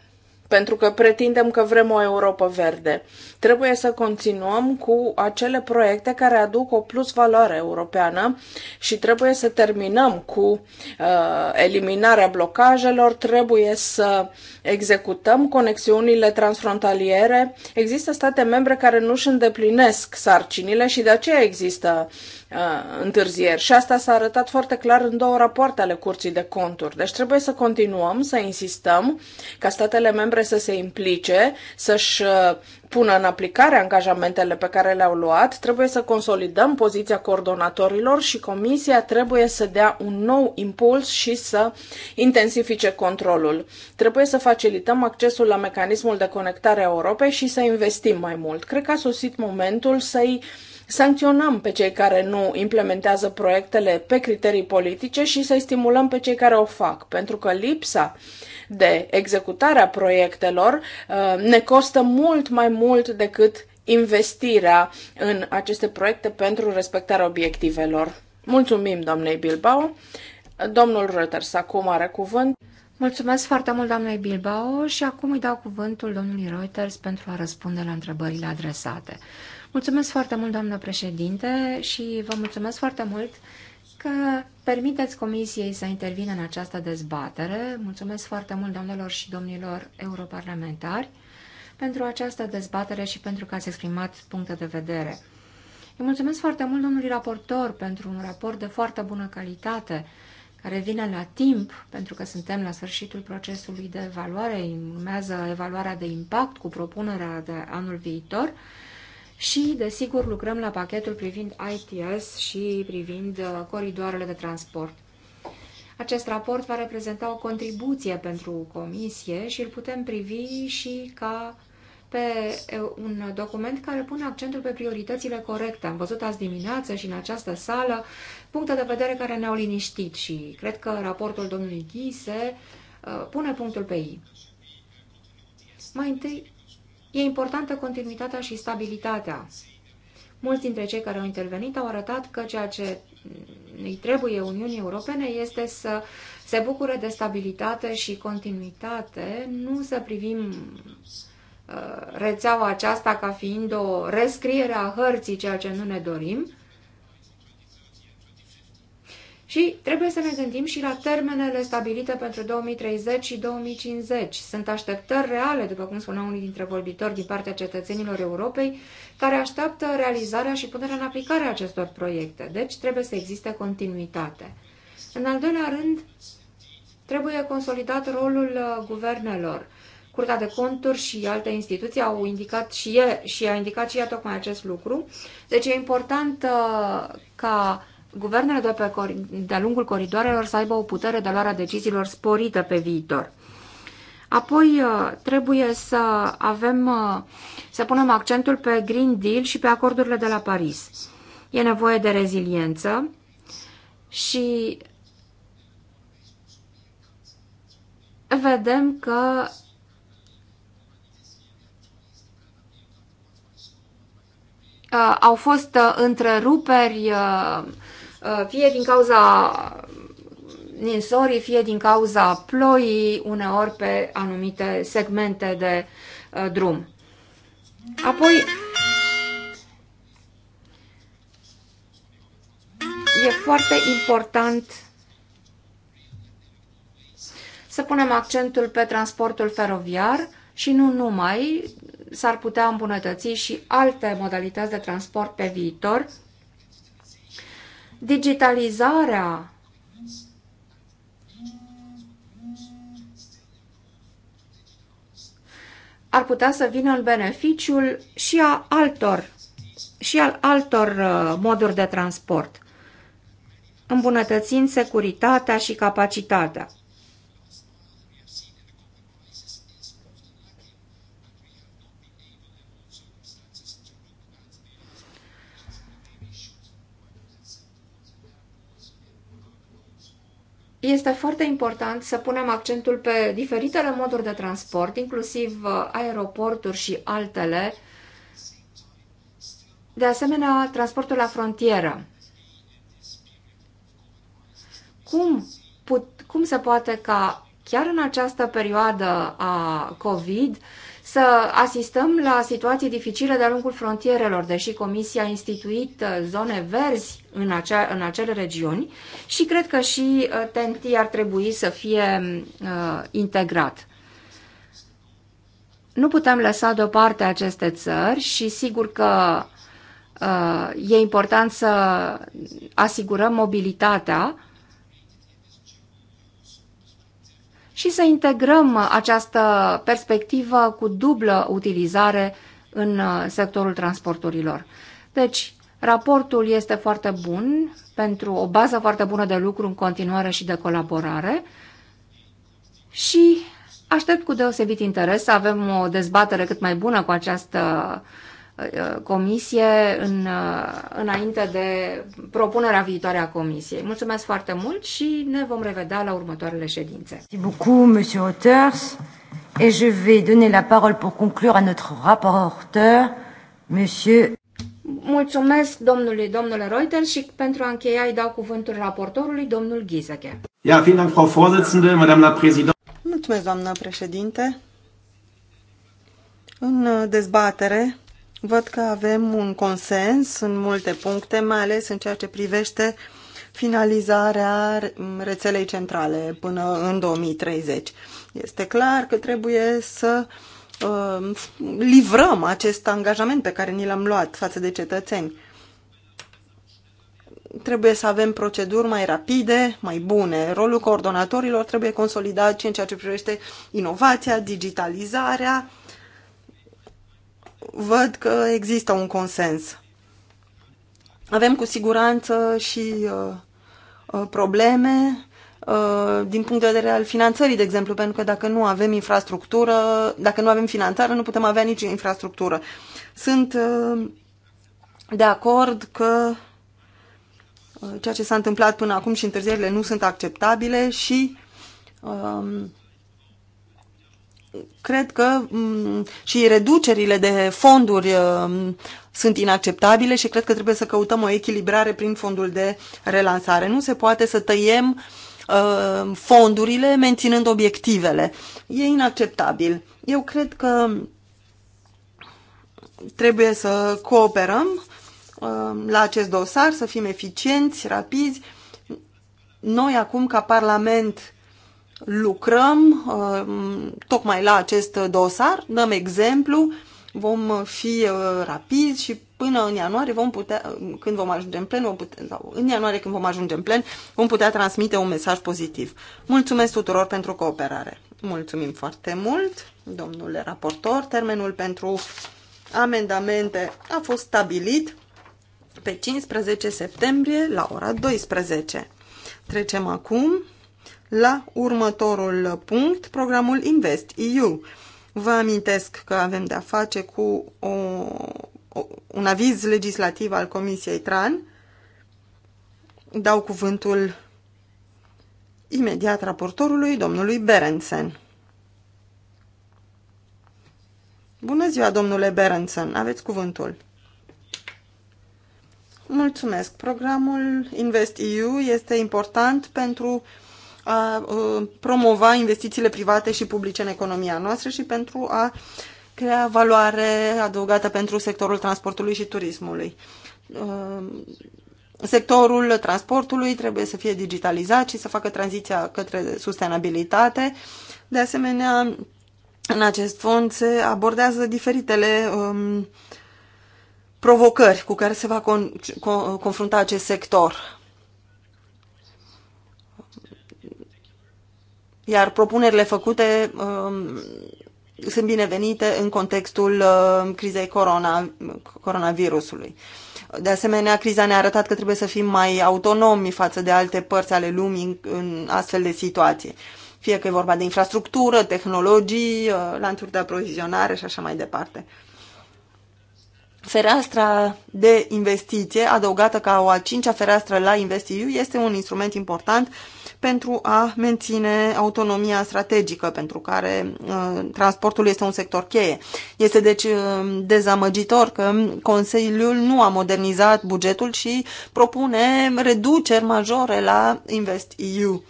pentru că pretindem că vrem o Europa verde. Trebuie să continuăm cu acele proiecte care aduc o plus valoare europeană și trebuie să terminăm cu uh, eliminarea blocajelor, trebuie să executăm conexiunile transfrontaliere. Există state membre care nu își îndeplinesc sarcinile și de aceea există Uh, întârzieri. Și asta s-a arătat foarte clar în două rapoarte ale Curții de Conturi. Deci trebuie să continuăm, să insistăm ca statele membre să se implice, să-și uh, pună în aplicare angajamentele pe care le-au luat, trebuie să consolidăm poziția coordonatorilor și Comisia trebuie să dea un nou impuls și să intensifice controlul. Trebuie să facilităm accesul la mecanismul de conectare a Europei și să investim mai mult. Cred că a sosit momentul să-i uh, sancționăm pe cei care nu implementează proiectele pe criterii politice și să-i stimulăm pe cei care o fac, pentru că lipsa de executare a proiectelor uh, ne costă mult mai mult decât investirea în aceste proiecte pentru respectarea obiectivelor. Mulțumim, doamnei Bilbao. Domnul Reuters acum are cuvânt. Mulțumesc foarte mult, doamnei Bilbao, și acum îi dau cuvântul domnului Reuters pentru a răspunde la întrebările adresate. Mulțumesc foarte mult, doamnă președinte, și vă mulțumesc foarte mult că permiteți Comisiei să intervină în această dezbatere. Mulțumesc foarte mult, doamnelor și domnilor europarlamentari, pentru această dezbatere și pentru că ați exprimat puncte de vedere. Îi mulțumesc foarte mult domnului raportor pentru un raport de foarte bună calitate, care vine la timp, pentru că suntem la sfârșitul procesului de evaluare, urmează evaluarea de impact cu propunerea de anul viitor, și, desigur, lucrăm la pachetul privind ITS și privind uh, coridoarele de transport. Acest raport va reprezenta o contribuție pentru comisie și îl putem privi și ca pe un document care pune accentul pe prioritățile corecte. Am văzut azi dimineață și în această sală puncte de vedere care ne-au liniștit și cred că raportul domnului Ghise uh, pune punctul pe ei. Mai întâi, E importantă continuitatea și stabilitatea. Mulți dintre cei care au intervenit au arătat că ceea ce îi trebuie Uniunii Europene este să se bucure de stabilitate și continuitate, nu să privim uh, rețeaua aceasta ca fiind o rescriere a hărții, ceea ce nu ne dorim, și trebuie să ne gândim și la termenele stabilite pentru 2030 și 2050. Sunt așteptări reale, după cum spunea unii dintre vorbitori, din partea cetățenilor Europei, care așteaptă realizarea și punerea în aplicare a acestor proiecte. Deci trebuie să existe continuitate. În al doilea rând, trebuie consolidat rolul uh, guvernelor. Curtea de conturi și alte instituții au indicat și, e, și a indicat și ea tocmai acest lucru. Deci e important uh, ca guvernele de pe, de-a lungul coridoarelor să aibă o putere de luare a deciziilor sporită pe viitor. Apoi uh, trebuie să avem, uh, să punem accentul pe Green Deal și pe acordurile de la Paris. E nevoie de reziliență și vedem că uh, au fost întreruperi Uh, fie din cauza ninsorii, fie din cauza ploii, uneori pe anumite segmente de uh, drum. Apoi, e foarte important să punem accentul pe transportul feroviar și nu numai, s-ar putea îmbunătăți și alte modalități de transport pe viitor, digitalizarea ar putea să vină în beneficiul și a altor și al altor uh, moduri de transport, îmbunătățind securitatea și capacitatea. este foarte important să punem accentul pe diferitele moduri de transport, inclusiv uh, aeroporturi și altele. De asemenea, transportul la frontieră. Cum, put, cum se poate ca chiar în această perioadă a COVID să asistăm la situații dificile de-a lungul frontierelor, deși Comisia a instituit uh, zone verzi în, acea, în acele regiuni și cred că și TNT uh, ar trebui să fie uh, integrat. Nu putem lăsa deoparte aceste țări și sigur că uh, e important să asigurăm mobilitatea și să integrăm această perspectivă cu dublă utilizare în uh, sectorul transporturilor. Deci, raportul este foarte bun pentru o bază foarte bună de lucru în continuare și de colaborare și aștept cu deosebit interes să avem o dezbatere cât mai bună cu această Uh, comisie în, uh, înainte de propunerea viitoare a comisiei. Mulțumesc foarte mult și ne vom revedea la următoarele ședințe. Merci beaucoup, monsieur Reuters. Et je vais donner la parole pour conclure à notre rapporteur, monsieur... Mulțumesc domnului, domnule Reuters și pentru a încheia îi dau cuvântul raportorului, domnul Ghizeche. Ja, vielen Dank, Frau Vorsitzende, Madame la Présidente. Mulțumesc, doamnă președinte. În uh, dezbatere, Văd că avem un consens în multe puncte, mai ales în ceea ce privește finalizarea rețelei centrale până în 2030. Este clar că trebuie să uh, livrăm acest angajament pe care ni l-am luat față de cetățeni. Trebuie să avem proceduri mai rapide, mai bune. Rolul coordonatorilor trebuie consolidat și în ceea ce privește inovația, digitalizarea, uh, văd că există un consens. Avem cu siguranță și uh, uh, probleme uh, din punct de vedere al finanțării, de exemplu, pentru că dacă nu avem infrastructură, dacă nu avem finanțare, nu putem avea nici infrastructură. Sunt uh, de acord că uh, ceea ce s-a întâmplat până acum și întârzierile nu sunt acceptabile și um, cred că mm, și reducerile de fonduri mm, sunt inacceptabile și cred că trebuie să căutăm o echilibrare prin fondul de relansare. Nu se poate să tăiem uh, fondurile menținând obiectivele. E inacceptabil. Eu cred că trebuie să cooperăm uh, la acest dosar, să fim eficienți, rapizi. Noi acum, ca Parlament, lucrăm uh, tocmai la acest dosar, dăm exemplu, vom fi uh, rapizi și până în ianuarie vom putea, uh, când vom ajunge în plen, vom putea, sau în ianuarie când vom ajunge în plen, vom putea transmite un mesaj pozitiv. Mulțumesc tuturor pentru cooperare. Mulțumim foarte mult, domnule raportor. Termenul pentru amendamente a fost stabilit pe 15 septembrie la ora 12. Trecem acum la următorul punct, programul Invest EU. Vă amintesc că avem de-a face cu o, o, un aviz legislativ al Comisiei TRAN. Dau cuvântul imediat raportorului, domnului Berensen. Bună ziua, domnule Berensen, aveți cuvântul. Mulțumesc. Programul InvestEU este important pentru uh, a promova investițiile private și publice în economia noastră și pentru a crea valoare adăugată pentru sectorul transportului și turismului. Sectorul transportului trebuie să fie digitalizat și să facă tranziția către sustenabilitate. De asemenea, în acest fond se abordează diferitele um, provocări cu care se va con- co- confrunta acest sector. iar propunerile făcute uh, sunt binevenite în contextul uh, crizei corona, coronavirusului. De asemenea, criza ne-a arătat că trebuie să fim mai autonomi față de alte părți ale lumii în, în astfel de situații. Fie că e vorba de infrastructură, tehnologii, uh, lanțuri de aprovizionare și așa mai departe. Fereastra de investiție, adăugată ca o a cincea fereastră la InvestEU, este un instrument important pentru a menține autonomia strategică, pentru care uh, transportul este un sector cheie. Este deci uh, dezamăgitor că Consiliul nu a modernizat bugetul și propune reduceri majore la InvestEU.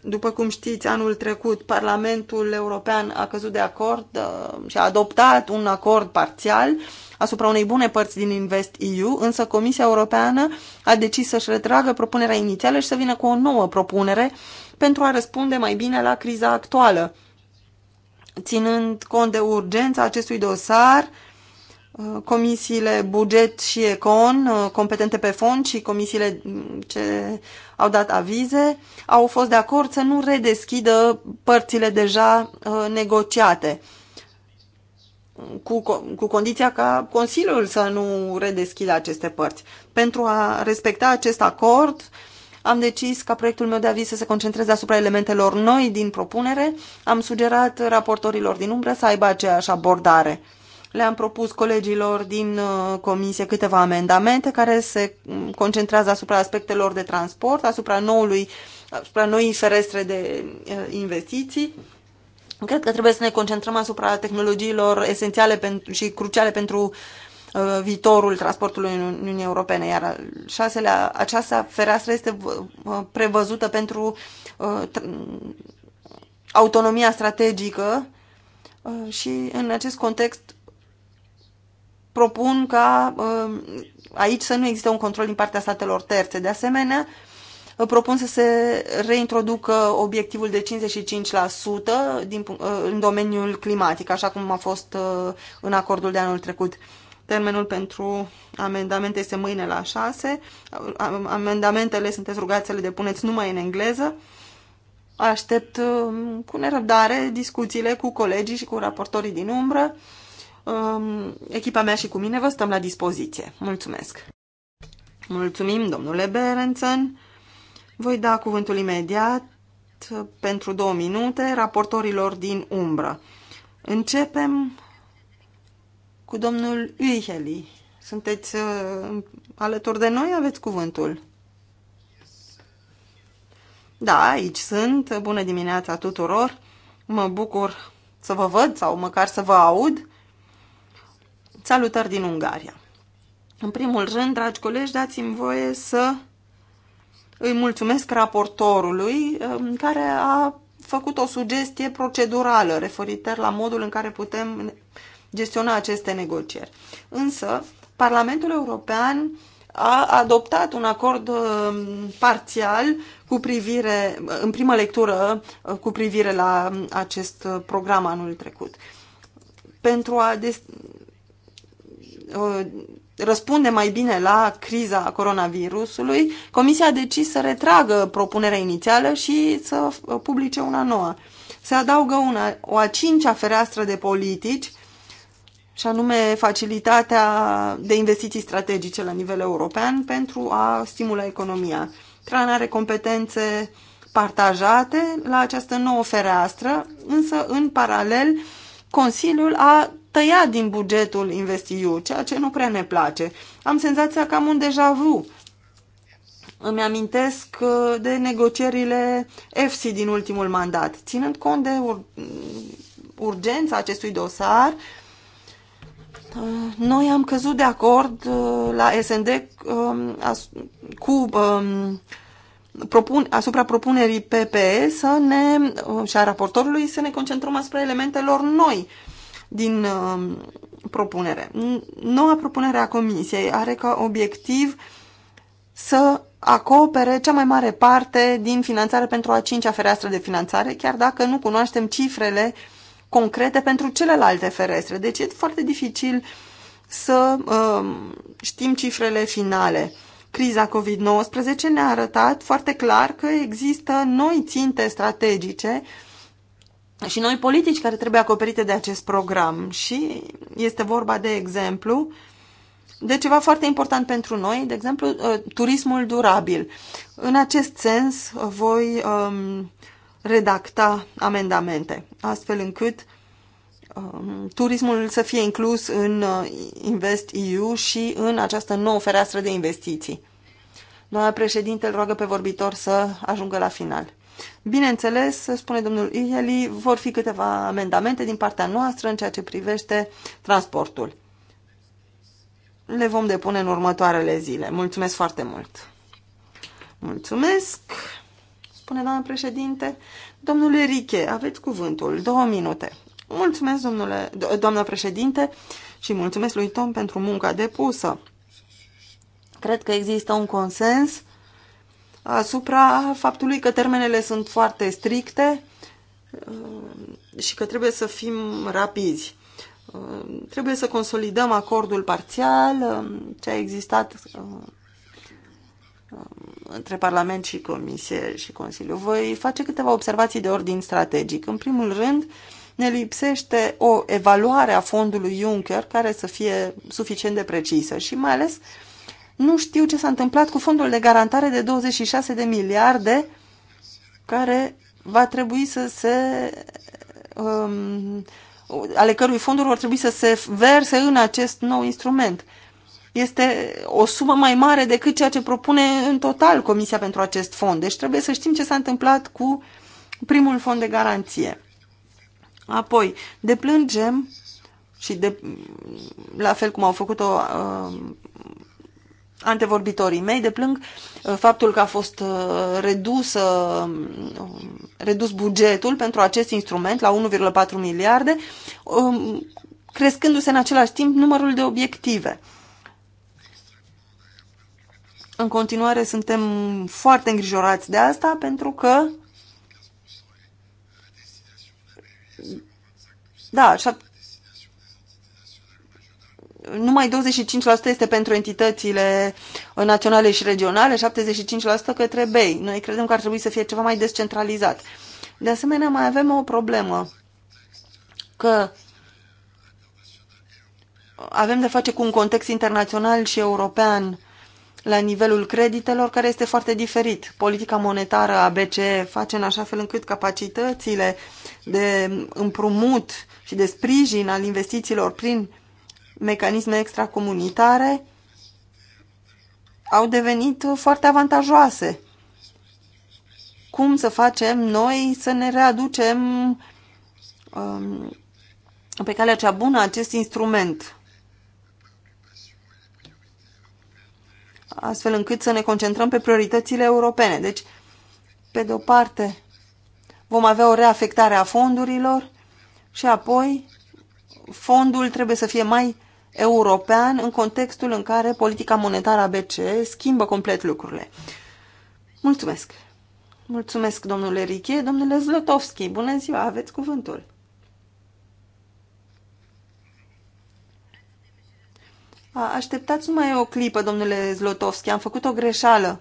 După cum știți, anul trecut Parlamentul European a căzut de acord uh, și a adoptat un acord parțial uh, asupra unei bune părți din Invest EU, însă Comisia Europeană a decis să-și retragă propunerea inițială și să vină cu o nouă propunere pentru a răspunde mai bine la criza actuală. Ținând cont de urgența acestui dosar, uh, comisiile buget și econ, uh, competente pe fond și comisiile ce au dat avize, au fost de acord să nu redeschidă părțile deja uh, negociate cu, cu condiția ca Consiliul să nu redeschidă aceste părți. Pentru a respecta acest acord, am decis ca proiectul meu de aviz să se concentreze asupra elementelor noi din propunere. Am sugerat raportorilor din umbră să aibă aceeași abordare. Le-am propus colegilor din uh, comisie câteva amendamente care se mm, concentrează asupra aspectelor de transport, asupra noului, asupra noii ferestre de uh, investiții Cred că trebuie să ne concentrăm asupra tehnologiilor esențiale și cruciale pentru uh, viitorul transportului în Uniunea Europene, iar șaselea, aceasta fereastră este prevăzută pentru uh, autonomia strategică uh, și în acest context propun ca aici să nu existe un control din partea statelor terțe. De asemenea, propun să se reintroducă obiectivul de 55% din, ă, în domeniul climatic, așa cum a fost ă, în acordul de anul trecut. Termenul pentru amendamente este mâine la 6. Amendamentele sunteți rugați să le depuneți numai în engleză. Aștept ă, cu nerăbdare discuțiile cu colegii și cu raportorii din umbră. Echipa mea și cu mine vă stăm la dispoziție. Mulțumesc! Mulțumim, domnule Berenson. Voi da cuvântul imediat pentru două minute raportorilor din umbră. Începem cu domnul Uiheli. Sunteți uh, alături de noi? Aveți cuvântul. Da, aici sunt. Bună dimineața tuturor. Mă bucur să vă văd sau măcar să vă aud. Salutări din Ungaria. În primul rând, dragi colegi, dați-mi voie să îi mulțumesc raportorului um, care a făcut o sugestie procedurală referitor la modul în care putem gestiona aceste negocieri. Însă, Parlamentul European a adoptat un acord um, parțial cu privire, în primă lectură uh, cu privire la um, acest uh, program anul trecut. Pentru a uh, răspunde mai bine la criza coronavirusului, Comisia a decis să retragă propunerea inițială și să publice una nouă. Se adaugă una, o a cincea fereastră de politici, și anume facilitatea de investiții strategice la nivel european pentru a stimula economia. Tran are competențe partajate la această nouă fereastră, însă în paralel Consiliul a tăia din bugetul InvestiU, ceea ce nu prea ne place. Am senzația că am un deja vu. Îmi amintesc uh, de negocierile EFSI din ultimul mandat. Ținând cont de ur- urgența acestui dosar, uh, noi am căzut de acord uh, la SND um, cu um, propun, asupra propunerii PPE să ne, și a raportorului să ne concentrăm asupra elementelor noi din uh, propunere. Noua propunere a Comisiei are ca obiectiv să acopere cea mai mare parte din finanțare pentru a cincea fereastră de finanțare, chiar dacă nu cunoaștem cifrele concrete pentru celelalte ferestre. Deci e foarte dificil să uh, știm cifrele finale. Criza COVID-19 ne-a arătat foarte clar că există noi ținte strategice uh, și noi politici care trebuie acoperite de acest program. Și este vorba, de exemplu, de ceva foarte important pentru noi, de exemplu, uh, turismul durabil. În acest sens, voi um, redacta amendamente, astfel încât um, turismul să fie inclus în uh, Invest EU și în această nouă fereastră de investiții. Doamna președinte îl roagă pe vorbitor să ajungă la final. Bineînțeles, spune domnul Ieli, vor fi câteva amendamente din partea noastră în ceea ce privește transportul. Le vom depune în următoarele zile. Mulțumesc foarte mult! Mulțumesc! Spune doamna președinte. Domnule Riche, aveți cuvântul. Două minute. Mulțumesc, domnule, do doamna președinte, și mulțumesc lui Tom pentru munca depusă. Cred că există un consens asupra faptului că termenele sunt foarte stricte uh, și că trebuie să fim rapizi. Uh, trebuie să consolidăm acordul parțial uh, ce a existat între Parlament și Comisie și Consiliu. Voi face câteva observații de ordin strategic. În primul rând, ne lipsește o evaluare a fondului Juncker care să fie suficient de precisă și mai ales uh, nu știu ce s-a întâmplat cu fondul de garantare de 26 de miliarde care va trebui să se... Um, ale cărui fonduri vor trebui să se verse în acest nou instrument. Este o sumă mai mare decât ceea ce propune în total Comisia pentru acest fond. Deci trebuie să știm ce s-a întâmplat cu primul fond de garanție. Apoi, deplângem și de, la fel cum au făcut-o uh, antevorbitorii mei plâng uh, faptul că a fost uh, redus, uh, redus bugetul pentru acest instrument la 1,4 miliarde, um, crescându-se în același timp numărul de obiective. În continuare suntem foarte îngrijorați de asta pentru că da, numai 25% este pentru entitățile uh, naționale și regionale, 75% către BEI. Noi credem că ar trebui să fie ceva mai descentralizat. De asemenea, mai avem o problemă că avem de face cu un context internațional și european la nivelul creditelor, care este foarte diferit. Politica monetară a BCE face în așa fel încât capacitățile de împrumut și de sprijin al investițiilor prin mecanisme extracomunitare au devenit foarte avantajoase. Cum să facem noi să ne readucem um, pe calea cea bună acest instrument? Astfel încât să ne concentrăm pe prioritățile europene. Deci, pe de-o parte, vom avea o reafectare a fondurilor și apoi fondul trebuie să fie mai european în contextul în care politica monetară a BCE schimbă complet lucrurile. Mulțumesc! Mulțumesc, domnule Riche. Domnule Zlotovski, bună ziua, aveți cuvântul. A, așteptați numai o clipă, domnule Zlotovski, am făcut o greșeală.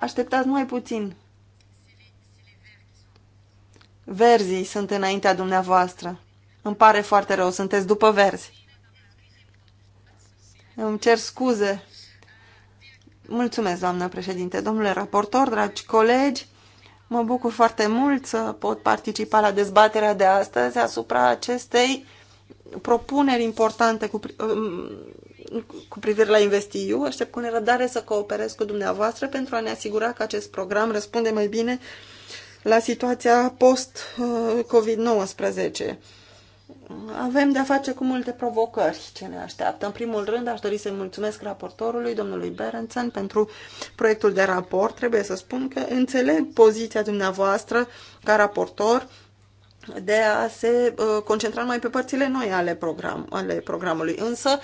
Așteptați numai puțin. Verzii sunt înaintea dumneavoastră. Îmi pare foarte rău, sunteți după verzi. Îmi cer scuze. Mulțumesc, doamnă președinte, domnule raportor, dragi colegi. Mă bucur foarte mult să pot participa la dezbaterea de astăzi asupra acestei propuneri importante cu, um, cu privire la investiu. Aștept cu nerăbdare să cooperez cu dumneavoastră pentru a ne asigura că acest program răspunde mai bine la situația post-COVID-19. Uh, avem de-a face cu multe provocări ce ne așteaptă. În primul rând, aș dori să-i mulțumesc raportorului, domnului Berențen, pentru proiectul de raport. Trebuie să spun că înțeleg poziția dumneavoastră ca raportor de a se uh, concentra mai pe părțile noi ale, program, ale programului. Însă,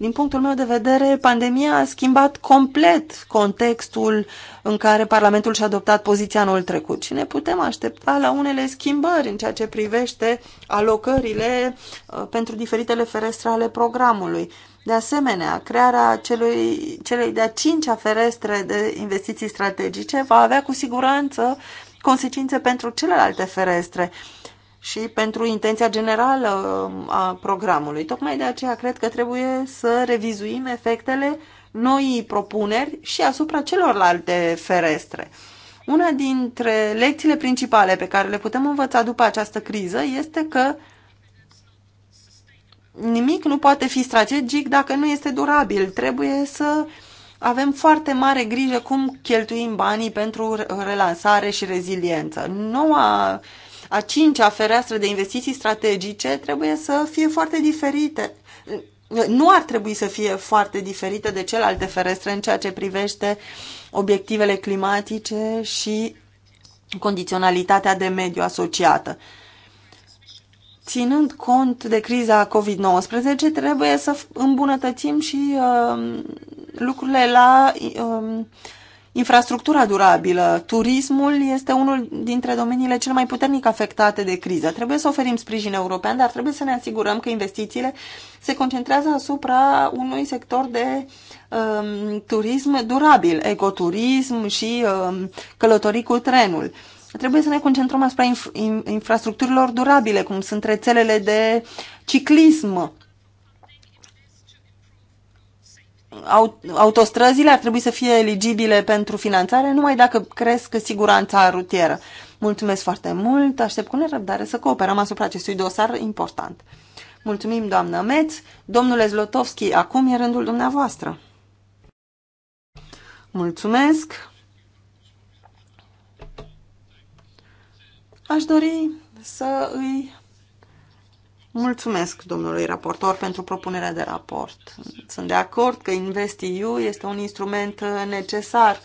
din punctul meu de vedere, pandemia a schimbat complet contextul în care Parlamentul și-a adoptat poziția anul trecut și ne putem aștepta la unele schimbări în ceea ce privește alocările uh, pentru diferitele ferestre ale programului. De asemenea, crearea celui, celei de-a cincea ferestre de investiții strategice va avea cu siguranță consecințe pentru celelalte ferestre și pentru intenția generală uh, a programului. Tocmai de aceea cred că trebuie să revizuim efectele noii propuneri și asupra celorlalte ferestre. Una dintre lecțiile principale pe care le putem învăța după această criză este că nimic nu poate fi strategic dacă nu este durabil. Trebuie să avem foarte mare grijă cum cheltuim banii pentru relansare și reziliență. Noua a cincea fereastră de investiții strategice trebuie să fie foarte diferite. Nu ar trebui să fie foarte diferite de celelalte ferestre în ceea ce privește obiectivele climatice și condiționalitatea de mediu asociată. Ținând cont de criza COVID-19, trebuie să îmbunătățim și uh, lucrurile la uh, Infrastructura durabilă, turismul este unul dintre domeniile cel mai puternic afectate de criză. Trebuie să oferim sprijin european, dar trebuie să ne asigurăm că investițiile se concentrează asupra unui sector de um, turism durabil, ecoturism și um, călătorii cu trenul. Trebuie să ne concentrăm asupra inf- infrastructurilor durabile, cum sunt rețelele de ciclism, autostrăzile ar trebui să fie eligibile pentru finanțare numai dacă cresc siguranța rutieră. Mulțumesc foarte mult, aștept cu nerăbdare să cooperăm asupra acestui dosar important. Mulțumim, doamnă Meț. Domnule Zlotovski, acum e rândul dumneavoastră. Mulțumesc. Aș dori să îi Mulțumesc domnului raportor pentru propunerea de raport. Sunt de acord că InvestEU este un instrument necesar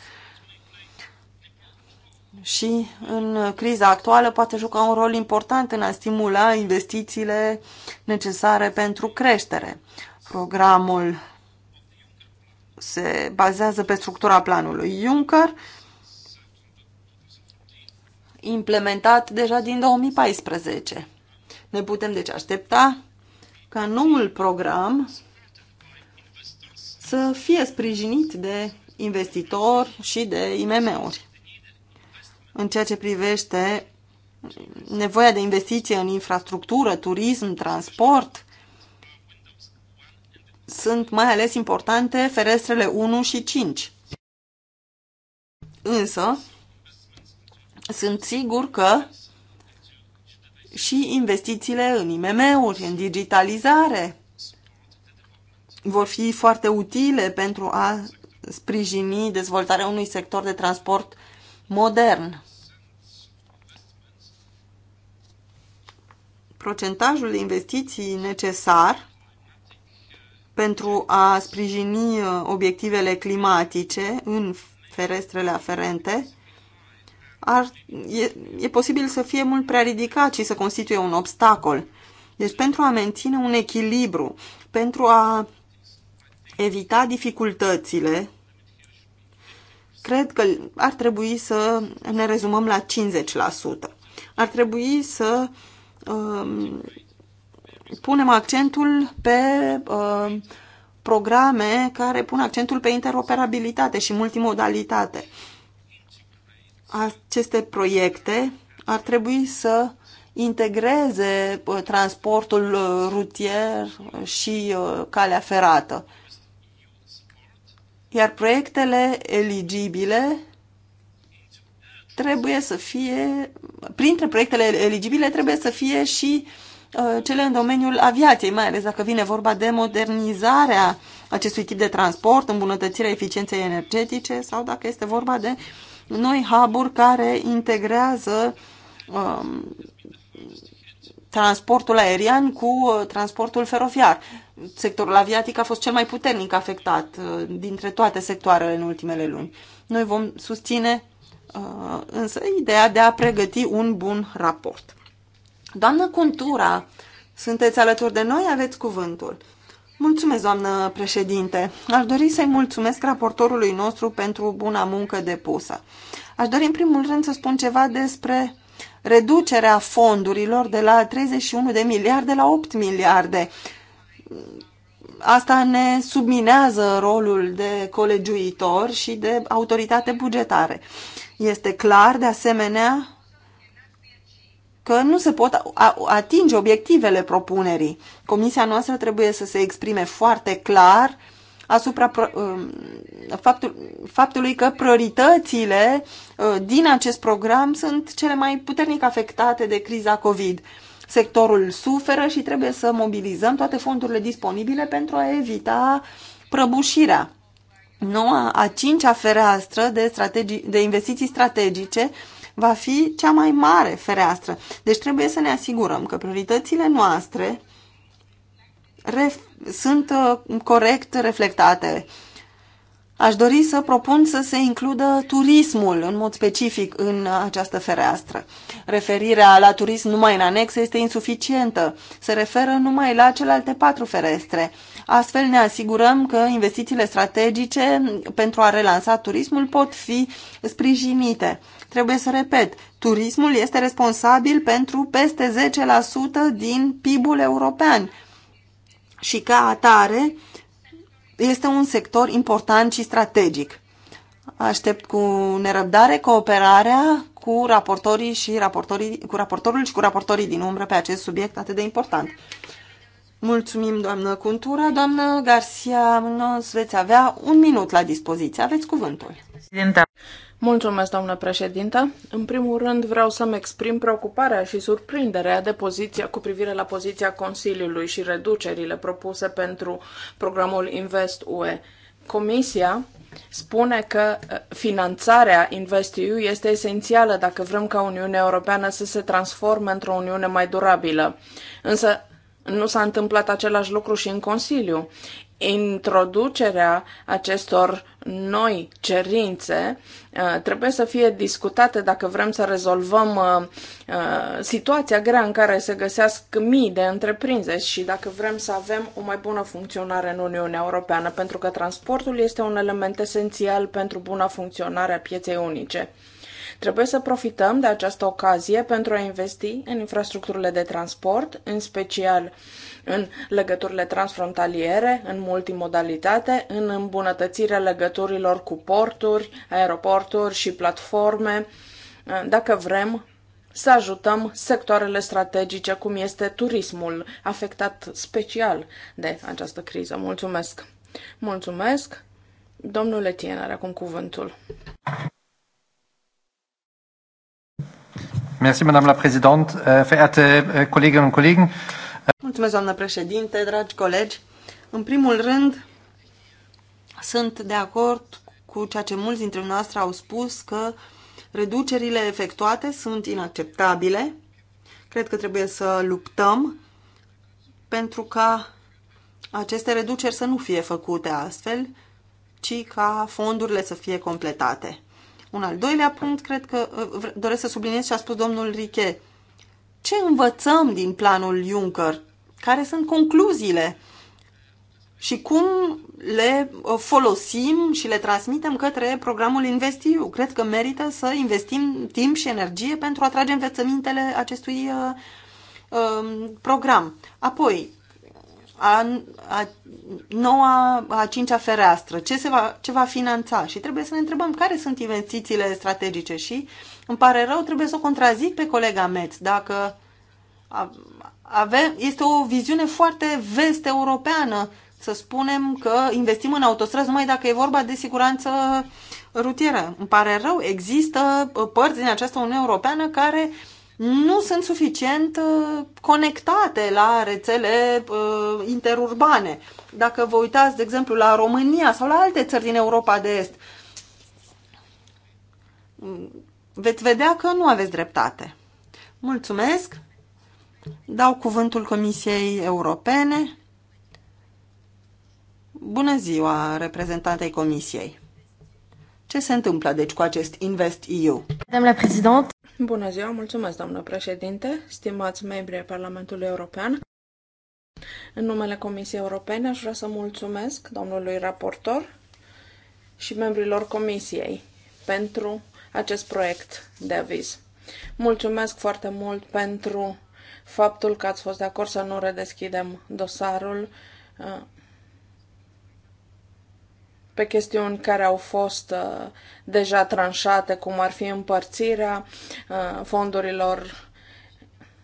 și în criza actuală poate juca un rol important în a stimula investițiile necesare pentru creștere. Programul se bazează pe structura planului Juncker, implementat deja din 2014. Ne putem deci aștepta ca noul program să fie sprijinit de investitori și de IMM-uri. În ceea ce privește nevoia de investiție în infrastructură, turism, transport, sunt mai ales importante ferestrele 1 și 5. Însă, sunt sigur că și investițiile în IMM-uri, în digitalizare vor fi foarte utile pentru a sprijini dezvoltarea unui sector de transport modern. Procentajul de investiții necesar pentru a sprijini uh, obiectivele climatice în ferestrele aferente ar, e, e posibil să fie mult prea ridicat și să constituie un obstacol. Deci pentru a menține un echilibru, pentru a evita dificultățile, cred că ar trebui să ne rezumăm la 50%. Ar trebui să um, punem accentul pe um, programe care pun accentul pe interoperabilitate și multimodalitate. Uh, aceste proiecte ar trebui să integreze uh, transportul uh, rutier și uh, calea ferată. Iar proiectele eligibile trebuie să fie, printre proiectele eligibile trebuie să fie și cele în domeniul aviației, mai ales dacă vine vorba de modernizarea acestui tip de transport, îmbunătățirea eficienței energetice sau dacă este vorba de noi hub care integrează um, transportul aerian cu uh, transportul feroviar. Sectorul aviatic a fost cel mai puternic afectat uh, dintre toate sectoarele în ultimele luni. Noi vom susține uh, însă ideea de a pregăti un bun raport. Doamnă Cuntura, sunteți alături de noi, aveți cuvântul. Mulțumesc, doamnă președinte. Aș dori să-i mulțumesc raportorului nostru pentru buna muncă depusă. Aș dori, în primul rând, să spun ceva despre reducerea fondurilor de la 31 de miliarde la 8 miliarde. Asta ne subminează rolul de colegiuitor și de autoritate bugetare. Este clar, de asemenea, că nu se pot atinge obiectivele propunerii. Comisia noastră trebuie să se exprime foarte clar asupra um, faptului că prioritățile uh, din acest program sunt cele mai puternic afectate de criza COVID. Sectorul suferă și trebuie să mobilizăm toate fondurile disponibile pentru a evita prăbușirea. Noua a cincea fereastră de, strategii, de investiții strategice uh, va fi cea mai mare fereastră. Deci trebuie să ne asigurăm că prioritățile noastre ref- sunt uh, corect reflectate. Aș dori să propun să se includă turismul în mod specific în această fereastră. Referirea la turism numai în anexă este insuficientă. Se referă numai la celelalte patru ferestre. Astfel ne asigurăm că investițiile strategice pentru a relansa turismul pot fi sprijinite. Trebuie să repet, turismul este responsabil pentru peste 10% din PIB-ul european și ca atare este un sector important și strategic. Aștept cu nerăbdare cooperarea cu raportorii și raportorii, cu raportorul și cu raportorii din umbră pe acest subiect atât de important. Mulțumim, doamnă Cuntura. Doamnă Garcia, noi veți avea un minut la dispoziție. Aveți cuvântul. Mulțumesc, doamnă președintă. În primul rând, vreau să-mi exprim preocuparea și surprinderea de poziția cu privire la poziția Consiliului și reducerile propuse pentru programul Invest UE. Comisia spune că uh, finanțarea InvestEU este esențială dacă vrem ca Uniunea Europeană să se transforme într-o Uniune mai durabilă. Însă nu s-a întâmplat același lucru și în Consiliu. Introducerea acestor noi cerințe uh, trebuie să fie discutate dacă vrem să rezolvăm uh, uh, situația grea în care se găsească mii de întreprinderi și dacă vrem să avem o mai bună funcționare în Uniunea Europeană, pentru că transportul este un element esențial pentru buna funcționare a pieței unice. Trebuie să profităm de această ocazie pentru a investi în infrastructurile de transport, în special în legăturile transfrontaliere, în multimodalitate, în îmbunătățirea legăturilor cu porturi, aeroporturi și platforme, uh, dacă vrem să ajutăm sectoarele strategice, cum este turismul, afectat special de această criză. Mulțumesc! Mulțumesc! Domnule Tien are acum cuvântul. Merci, Madame la Présidente, euh, verehrte Kolleginnen euh, und Kollegen. Mulțumesc, doamnă președinte, dragi colegi. În primul rând, sunt de acord cu ceea ce mulți dintre noastre au spus că reducerile efectuate sunt inacceptabile. Cred că trebuie să luptăm pentru ca aceste reduceri să nu fie făcute astfel, ci ca fondurile să fie completate. Un al doilea punct, cred că doresc să subliniez ce a spus domnul Riche ce învățăm din planul Juncker? Care sunt concluziile? Și cum le uh, folosim și le transmitem către programul InvestEU. Cred că merită să investim timp și energie pentru a trage învățămintele acestui uh, uh, program. Apoi, a, a noua, a cincea fereastră, ce, se va, ce va finanța și trebuie să ne întrebăm care sunt investițiile strategice și îmi pare rău, trebuie să o contrazic pe colega Metz, dacă ave, este o viziune foarte vest-europeană să spunem că investim în autostrăzi numai dacă e vorba de siguranță rutieră. Îmi pare rău, există uh, părți din această Uniune Europeană care uh, nu sunt suficient uh, conectate la rețele uh, interurbane. Dacă vă uitați, de exemplu, la România sau la alte țări din Europa de Est, mm, veți vedea că nu aveți dreptate. Mulțumesc! Dau cuvântul Comisiei Europene. Bună ziua, reprezentantei Comisiei! Ce se întâmplă, deci, cu acest Invest EU? Doamna președinte, Bună ziua, mulțumesc, doamnă președinte, stimați membri ai Parlamentului European. În numele Comisiei Europene aș vrea să mulțumesc domnului raportor și membrilor Comisiei pentru acest proiect de aviz. Mulțumesc foarte mult pentru faptul că ați fost de acord să nu redeschidem dosarul uh, pe chestiuni care au fost uh, deja tranșate, cum ar fi împărțirea uh, fondurilor.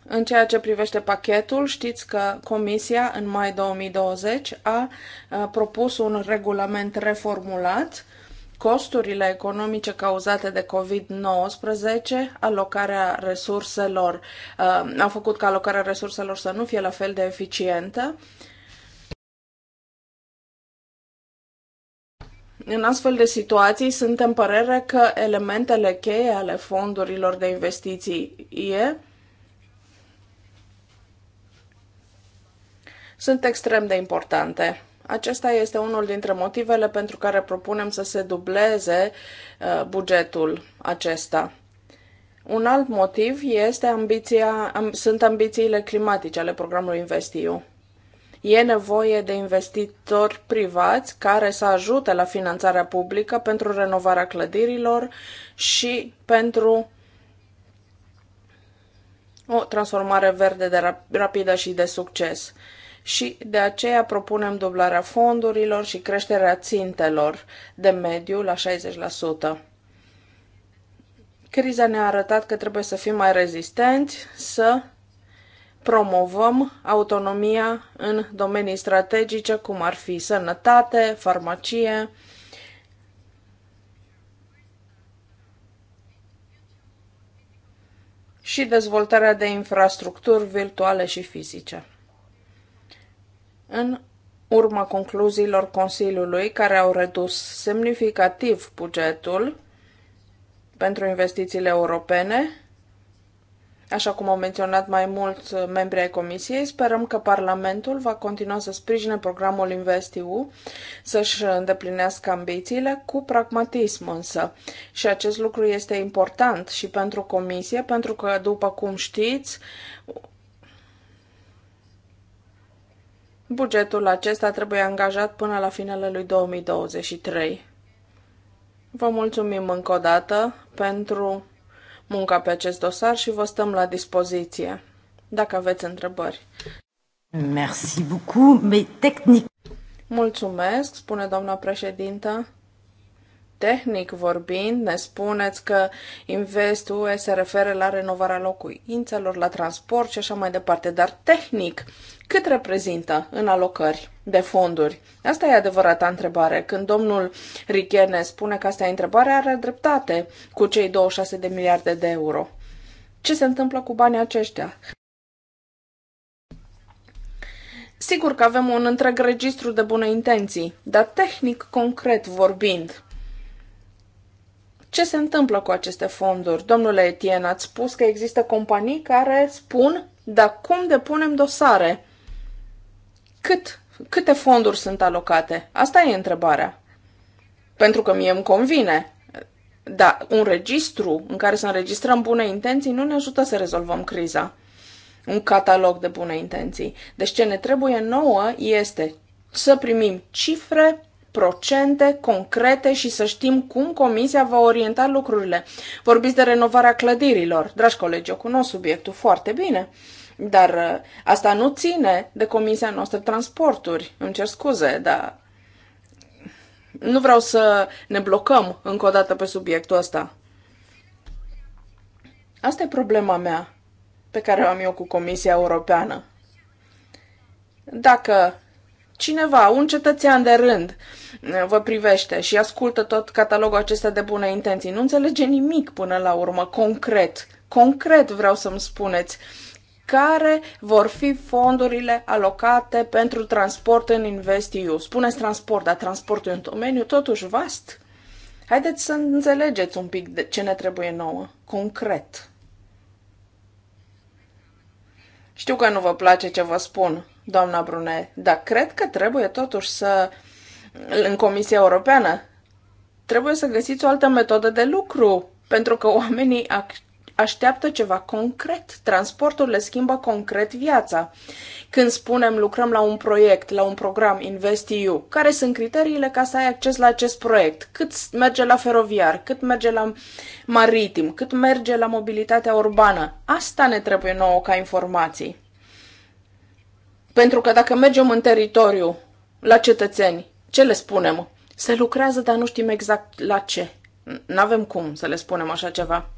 În ceea ce privește pachetul, știți că Comisia în mai 2020 a uh, propus un regulament reformulat costurile economice cauzate de COVID-19, alocarea resurselor, uh, au făcut ca alocarea resurselor să nu fie la fel de eficientă În astfel de situații, suntem părere că elementele cheie ale fondurilor de investiții e sunt extrem de importante. Acesta este unul dintre motivele pentru care propunem să se dubleze uh, bugetul acesta. Un alt motiv este ambiția, sunt ambițiile climatice ale programului InvestEU. E nevoie de investitori privați care să ajute la finanțarea publică pentru renovarea clădirilor și pentru o transformare verde de rapidă și de succes și de aceea propunem dublarea fondurilor și creșterea țintelor de mediu la 60%. Criza ne-a arătat că trebuie să fim mai rezistenți, să promovăm autonomia în domenii strategice, cum ar fi sănătate, farmacie, și dezvoltarea de infrastructuri virtuale și fizice. În urma concluziilor Consiliului, care au redus semnificativ bugetul pentru investițiile europene, Așa cum au menționat mai mulți membri ai Comisiei, sperăm că Parlamentul va continua să sprijine programul InvestEU, să-și îndeplinească ambițiile cu pragmatism însă. Și acest lucru este important și pentru Comisie, pentru că, după cum știți, bugetul acesta trebuie angajat până la finele lui 2023. Vă mulțumim încă o dată pentru munca pe acest dosar și vă stăm la dispoziție dacă aveți întrebări. Merci beaucoup, mais technic. Mulțumesc, spune doamna președintă. Tehnic vorbind, ne spuneți că InvestUE se referă la renovarea locuințelor, la transport și așa mai departe, dar tehnic, cât reprezintă în alocări de fonduri? Asta e adevărata întrebare. Când domnul Riche ne spune că asta e întrebare, are dreptate cu cei 26 de miliarde de euro. Ce se întâmplă cu banii aceștia? Sigur că avem un întreg registru de bune intenții, dar tehnic concret vorbind, ce se întâmplă cu aceste fonduri? Domnule Etienne, ați spus că există companii care spun, dar cum depunem dosare? Cât, câte fonduri sunt alocate? Asta e întrebarea. Pentru că mie îmi convine. Dar un registru în care să înregistrăm bune intenții nu ne ajută să rezolvăm criza. Un catalog de bune intenții. Deci ce ne trebuie nouă este să primim cifre procente concrete și să știm cum Comisia va orienta lucrurile. Vorbiți de renovarea clădirilor. Dragi colegi, eu cunosc subiectul foarte bine. Dar uh, asta nu ține de comisia noastră transporturi. Îmi cer scuze, dar nu vreau să ne blocăm încă o dată pe subiectul ăsta. Asta e problema mea pe care o am eu cu Comisia Europeană. Dacă cineva, un cetățean de rând, uh, vă privește și ascultă tot catalogul acesta de bune intenții. Nu înțelege nimic până la urmă, concret. Concret vreau să-mi spuneți care vor fi fondurile alocate pentru transport în InvestEU. Spuneți transport, dar transportul e un domeniu totuși vast. Haideți să înțelegeți un pic de ce ne trebuie nouă, concret. Știu că nu vă place ce vă spun, doamna Brune, dar cred că trebuie totuși să, în Comisia Europeană, trebuie să găsiți o altă metodă de lucru, pentru că oamenii așteaptă ceva concret. Transportul le schimbă concret viața. Când spunem lucrăm la un proiect, la un program InvestEU, care sunt criteriile ca să ai acces la acest proiect? Cât merge la feroviar, cât merge la maritim, cât merge la mobilitatea urbană? Asta ne trebuie nouă ca informații. Pentru că dacă mergem în teritoriu, la cetățeni, ce le spunem? Se lucrează, dar nu știm exact la ce. N-avem cum să le spunem așa ceva.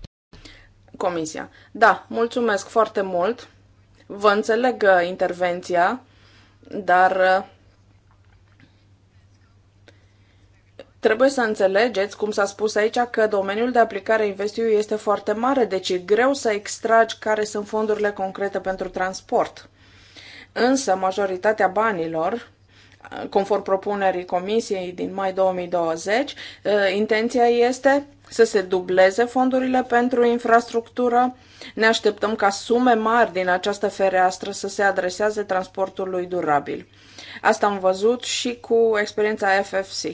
Comisia. Da, mulțumesc foarte mult. Vă înțeleg uh, intervenția, dar uh, Trebuie să înțelegeți, cum s-a spus aici, că domeniul de aplicare investiu este foarte mare, deci e greu să extragi care sunt fondurile concrete pentru transport însă majoritatea banilor conform propunerii Comisiei din mai 2020, eh, intenția este să se dubleze fondurile pentru infrastructură. Ne așteptăm ca sume mari din această fereastră să se adreseze transportului durabil. Asta am văzut și cu experiența FFC.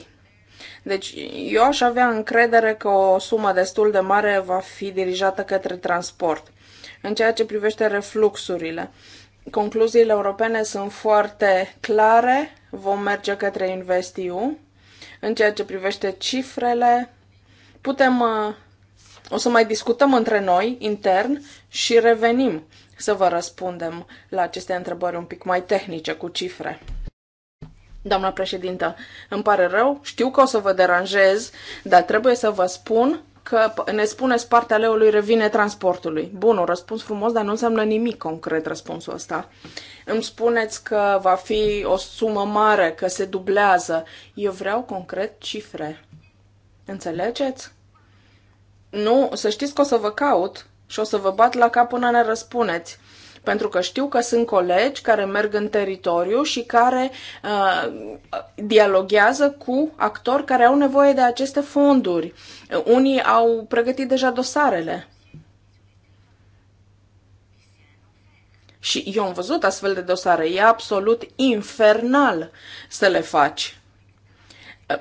Deci eu aș avea încredere că o sumă destul de mare va fi dirijată către transport. În ceea ce privește refluxurile, Concluziile europene sunt foarte clare, vom merge către InvestEU. În ceea ce privește cifrele, putem, uh, o să mai discutăm între noi intern și revenim să vă răspundem la aceste întrebări un pic mai tehnice cu cifre. Doamna președintă, îmi pare rău, știu că o să vă deranjez, dar trebuie să vă spun că ne spuneți partea leului revine transportului. Bun, un răspuns frumos, dar nu înseamnă nimic concret răspunsul ăsta. Îmi spuneți că va fi o sumă mare, că se dublează. Eu vreau concret cifre. Înțelegeți? Nu, să știți că o să vă caut și o să vă bat la cap până ne răspuneți. Pentru că știu că sunt colegi care merg în teritoriu și care uh, dialoghează cu actori care au nevoie de aceste fonduri. Unii au pregătit deja dosarele. Și eu am văzut astfel de dosare. E absolut infernal să le faci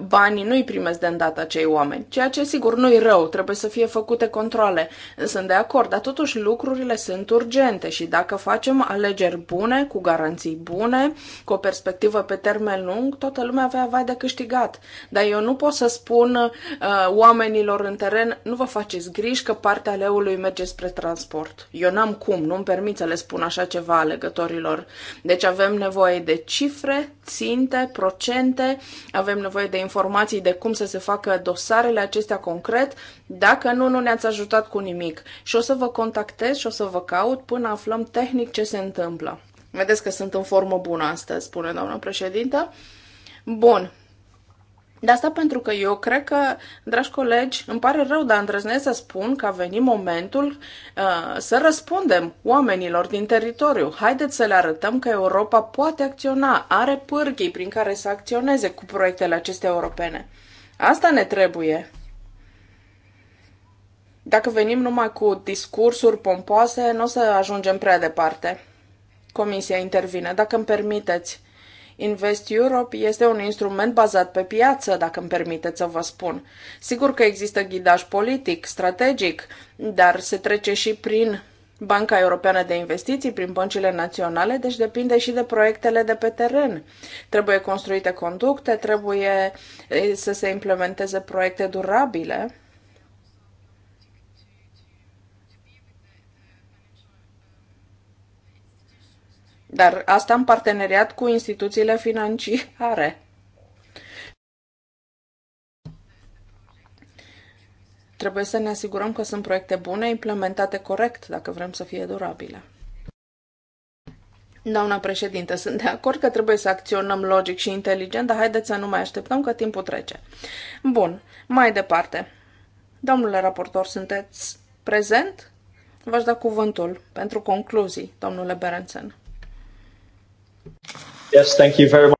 banii nu-i primesc de îndată acei oameni, ceea ce sigur nu-i rău, trebuie să fie făcute controle. Sunt de acord, dar totuși lucrurile sunt urgente și dacă facem alegeri bune, cu garanții bune, cu o perspectivă pe termen lung, toată lumea va avea de câștigat. Dar eu nu pot să spun uh, oamenilor în teren, nu vă faceți griji că partea leului merge spre transport. Eu n-am cum, nu-mi permit să le spun așa ceva alegătorilor. Deci avem nevoie de cifre, ținte, procente, avem nevoie de informații de cum să se facă dosarele acestea concret. Dacă nu, nu ne-ați ajutat cu nimic. Și o să vă contactez și o să vă caut până aflăm tehnic ce se întâmplă. Vedeți că sunt în formă bună astăzi, spune doamna președintă. Bun, de asta pentru că eu cred că, dragi colegi, îmi pare rău, dar îndrăznesc să spun că a venit momentul uh, să răspundem oamenilor din teritoriu. Haideți să le arătăm că Europa poate acționa, are pârghii prin care să acționeze cu proiectele acestea europene. Asta ne trebuie. Dacă venim numai cu discursuri pompoase, nu o să ajungem prea departe. Comisia intervine, dacă îmi permiteți. Invest Europe este un instrument bazat pe piață, dacă îmi permiteți să vă spun. Sigur că există ghidaj politic, strategic, dar se trece și prin Banca Europeană de Investiții, prin băncile naționale, deci depinde și de proiectele de pe teren. Trebuie construite conducte, trebuie eh, să se implementeze proiecte durabile Dar asta în parteneriat cu instituțiile financiare. Trebuie să ne asigurăm că sunt proiecte bune, implementate corect, dacă vrem să fie durabile. Doamna președinte, sunt de acord că trebuie să acționăm logic și inteligent, dar haideți să nu mai așteptăm că timpul trece. Bun, mai departe. Domnule raportor, sunteți prezent? V-aș da cuvântul pentru concluzii, domnule Berensen. Yes, thank you very much.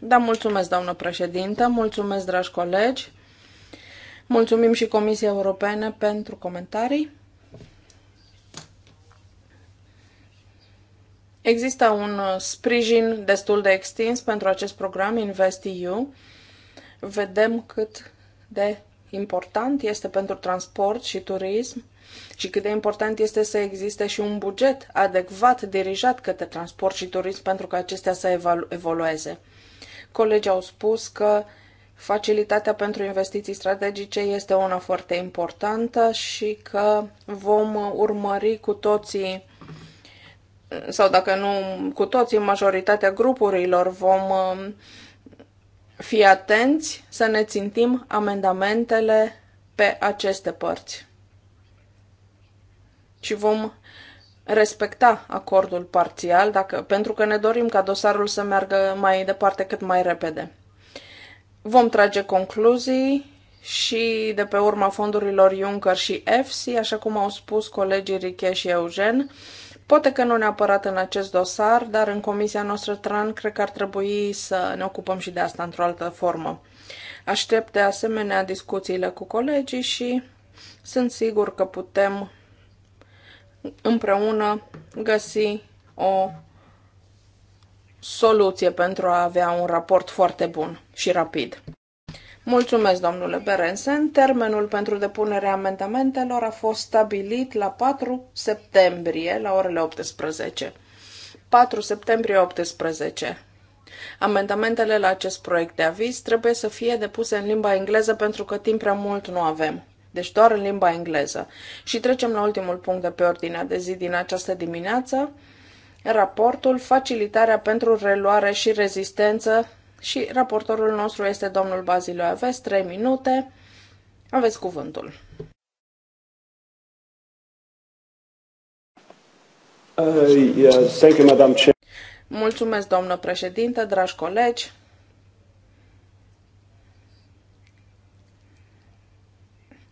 Da, mulțumesc, doamnă președintă, mulțumesc, dragi colegi, mulțumim și Comisiei Europene pentru comentarii. Există un sprijin destul de extins pentru acest program InvestEU. Vedem cât de important este pentru transport și turism și cât de important este să existe și un buget adecvat dirijat către transport și turism pentru ca acestea să evolueze. Colegii au spus că facilitatea pentru investiții strategice este una foarte importantă și că vom urmări cu toții sau dacă nu cu toții, majoritatea grupurilor vom um, fi atenți să ne țintim amendamentele pe aceste părți ci vom respecta acordul parțial dacă, pentru că ne dorim ca dosarul să meargă mai departe cât mai repede. Vom trage concluzii și de pe urma fondurilor Juncker și EFSI, așa cum au spus colegii Riche și Eugen, poate că nu neapărat în acest dosar, dar în comisia noastră TRAN cred că ar trebui să ne ocupăm și de asta într-o altă formă. Aștept de asemenea discuțiile cu colegii și sunt sigur că putem împreună găsi o soluție pentru a avea un raport foarte bun și rapid. Mulțumesc, domnule Berensen. Termenul pentru depunerea amendamentelor a fost stabilit la 4 septembrie, la orele 18. 4 septembrie 18. Amendamentele la acest proiect de aviz trebuie să fie depuse în limba engleză pentru că timp prea mult nu avem deci doar în limba engleză. Și trecem la ultimul punct de pe ordinea de zi din această dimineață, raportul Facilitarea pentru reluare și rezistență și raportorul nostru este domnul Bazilio Aves, 3 minute. Aveți cuvântul. Uh, yeah, thank you, Madam Chair. Mulțumesc, doamnă președinte, dragi colegi.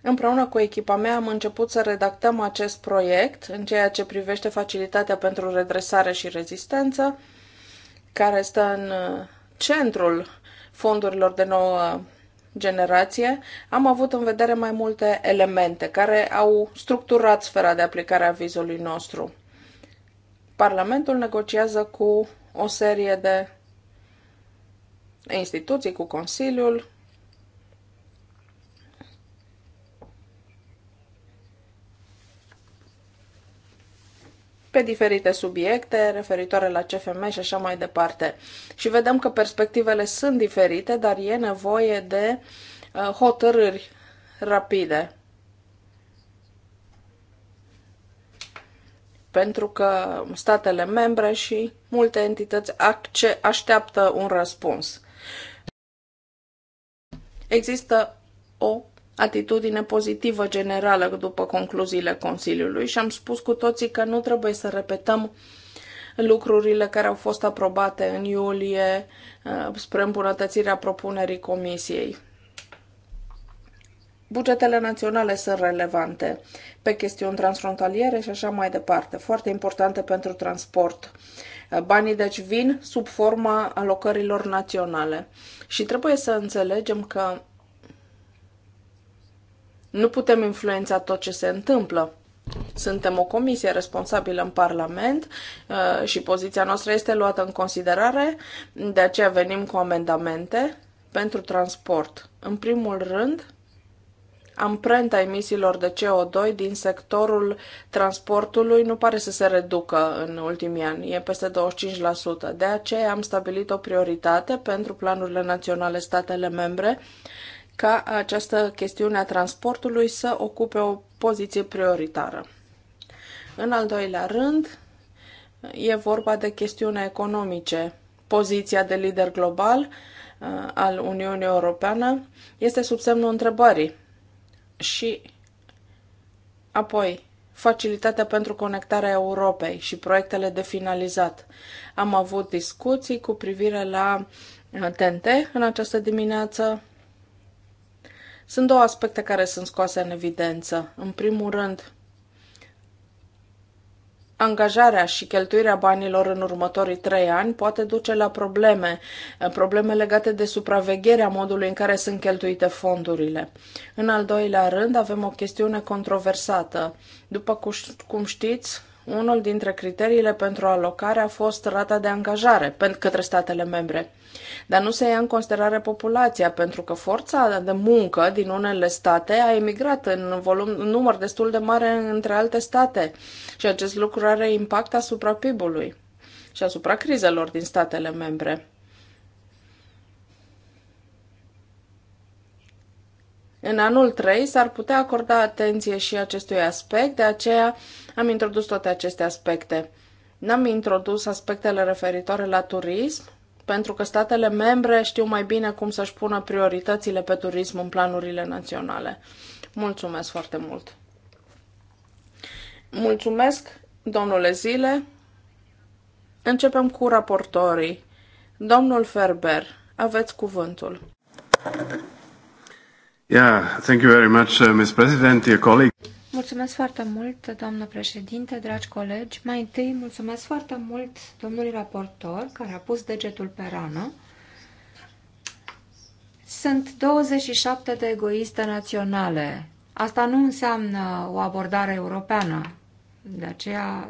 Împreună cu echipa mea am început să redactăm acest proiect în ceea ce privește facilitatea pentru redresare și rezistență, care stă în uh, centrul fondurilor de nouă generație, am avut în vedere mai multe elemente care au structurat sfera de aplicare a vizului nostru. Parlamentul negociază cu o serie de instituții, cu Consiliul, pe diferite subiecte referitoare la CFM și așa mai departe. Și vedem că perspectivele sunt diferite, dar e nevoie de uh, hotărâri rapide. Pentru că statele membre și multe entități așteaptă un răspuns. Există o atitudine pozitivă generală după concluziile Consiliului și am spus cu toții că nu trebuie să repetăm lucrurile care au fost aprobate în iulie uh, spre îmbunătățirea propunerii Comisiei. Bugetele naționale sunt relevante pe chestiuni transfrontaliere și așa mai departe, foarte importante pentru transport. Uh, banii deci vin sub forma alocărilor naționale și trebuie să înțelegem că nu putem influența tot ce se întâmplă. Suntem o comisie responsabilă în Parlament uh, și poziția noastră este luată în considerare, de aceea venim cu amendamente pentru transport. În primul rând, amprenta emisiilor de CO2 din sectorul transportului nu pare să se reducă în ultimii ani, e peste 25%. De aceea am stabilit o prioritate pentru planurile naționale statele membre ca această chestiune a transportului să ocupe o poziție prioritară. În al doilea rând, e vorba de chestiune economice. Poziția de lider global uh, al Uniunii Europeană este sub semnul întrebării. Și apoi, facilitatea pentru conectarea Europei și proiectele de finalizat. Am avut discuții cu privire la TNT uh, în această dimineață sunt două aspecte care sunt scoase în evidență. În primul rând, angajarea și cheltuirea banilor în următorii trei ani poate duce la probleme, probleme legate de supravegherea modului în care sunt cheltuite fondurile. În al doilea rând, avem o chestiune controversată. După cum știți, unul dintre criteriile pentru alocare a fost rata de angajare către statele membre. Dar nu se ia în considerare populația, pentru că forța de muncă din unele state a emigrat în volum, în număr destul de mare între alte state și acest lucru are impact asupra PIB-ului și asupra crizelor din statele membre. În anul 3 s-ar putea acorda atenție și acestui aspect, de aceea am introdus toate aceste aspecte. N-am introdus aspectele referitoare la turism, pentru că statele membre știu mai bine cum să-și pună prioritățile pe turism în planurile naționale. Mulțumesc foarte mult! Mulțumesc, domnule Zile. Începem cu raportorii. Domnul Ferber, aveți cuvântul. Yeah, thank you very much, uh, Ms. President, dear colleague. Mulțumesc foarte mult, doamnă președinte, dragi colegi. Mai întâi, mulțumesc foarte mult domnului raportor care a pus degetul pe rană. Sunt 27 de egoiste naționale. Asta nu înseamnă o abordare europeană. De aceea,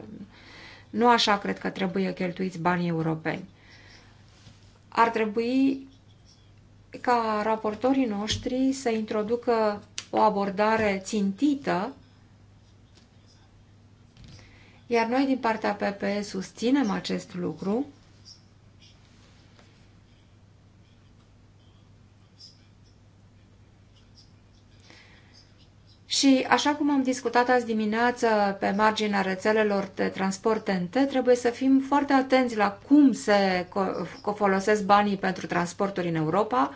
nu așa cred că trebuie cheltuiți banii europeni. Ar trebui ca raportorii noștri să introducă o abordare țintită, iar noi din partea PP susținem acest lucru, Și, așa cum am discutat azi dimineață pe marginea rețelelor de transport TNT, trebuie să fim foarte atenți la cum se folosesc banii pentru transporturi în Europa,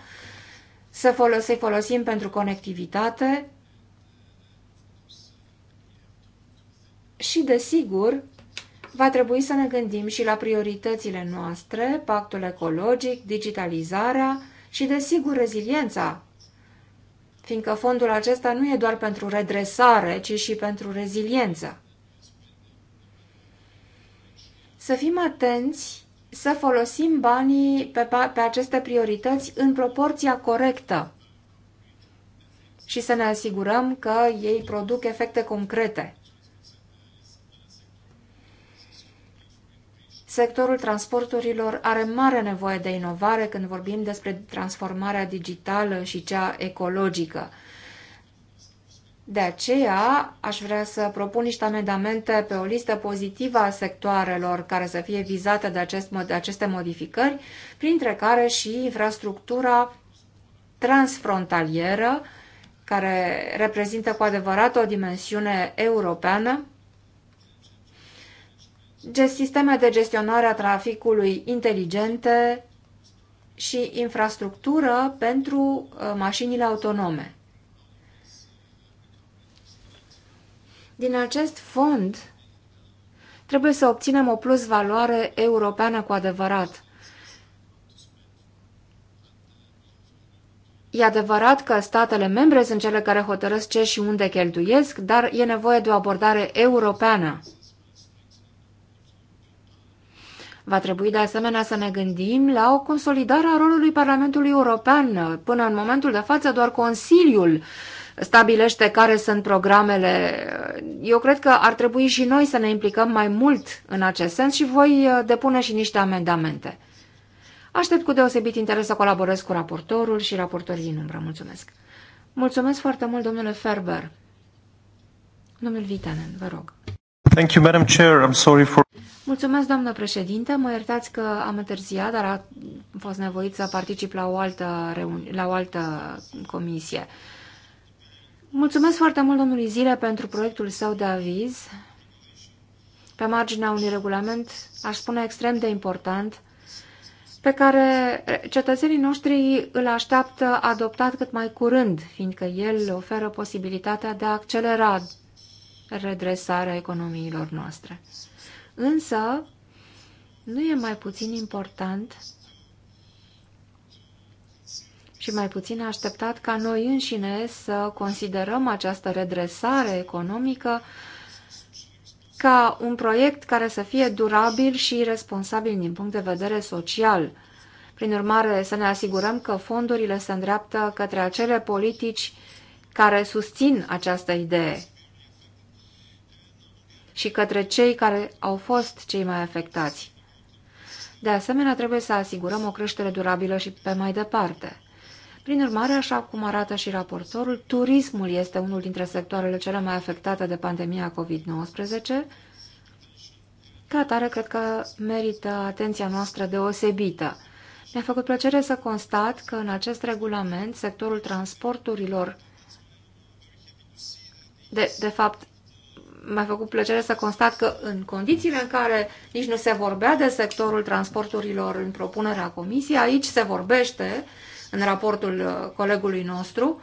să folos folosim pentru conectivitate și, desigur, va trebui să ne gândim și la prioritățile noastre, pactul ecologic, digitalizarea și, desigur, reziliența fiindcă fondul acesta nu e doar pentru redresare, ci și pentru reziliență. Să fim atenți să folosim banii pe, pe aceste priorități în proporția corectă și să ne asigurăm că ei produc efecte concrete. Sectorul transporturilor are mare nevoie de inovare când vorbim despre transformarea digitală și cea ecologică. De aceea, aș vrea să propun niște amendamente pe o listă pozitivă a sectoarelor care să fie vizate de, acest, de aceste modificări, printre care și infrastructura transfrontalieră, care reprezintă cu adevărat o dimensiune europeană, sisteme de gestionare a traficului inteligente și infrastructură pentru uh, mașinile autonome. Din acest fond trebuie să obținem o plus valoare europeană cu adevărat. E adevărat că statele membre sunt cele care hotărăsc ce și unde cheltuiesc, dar e nevoie de o abordare europeană Va trebui de asemenea să ne gândim la o consolidare a rolului Parlamentului European. Până în momentul de față, doar Consiliul stabilește care sunt programele. Eu cred că ar trebui și noi să ne implicăm mai mult în acest sens și voi uh, depune și niște amendamente. Aștept cu deosebit interes să colaborez cu raportorul și raportorii din umbră. Mulțumesc! Mulțumesc foarte mult, domnule Ferber! Domnul Vitanen, vă rog! Thank you, Madam Chair. I'm sorry for... Mulțumesc, doamnă președinte. Mă iertați că am întârziat, dar am fost nevoit să particip la o altă, reuni- la o altă comisie. Mulțumesc foarte mult domnului Zile pentru proiectul său de aviz. Pe marginea unui regulament, aș spune extrem de important, pe care cetățenii noștri îl așteaptă adoptat cât mai curând, fiindcă el oferă posibilitatea de a accelera redresarea economiilor noastre. Însă, nu e mai puțin important și mai puțin așteptat ca noi înșine să considerăm această redresare economică ca un proiect care să fie durabil și responsabil din punct de vedere social. Prin urmare, să ne asigurăm că fondurile se îndreaptă către acele politici care susțin această idee și către cei care au fost cei mai afectați. De asemenea, trebuie să asigurăm o creștere durabilă și pe mai departe. Prin urmare, așa cum arată și raportorul, turismul este unul dintre sectoarele cele mai afectate de pandemia COVID-19. Ca atare, cred că merită atenția noastră deosebită. Mi-a făcut plăcere să constat că în acest regulament sectorul transporturilor, de, de fapt mi-a făcut plăcere să constat că în condițiile în care nici nu se vorbea de sectorul transporturilor în propunerea comisiei, aici se vorbește în raportul uh, colegului nostru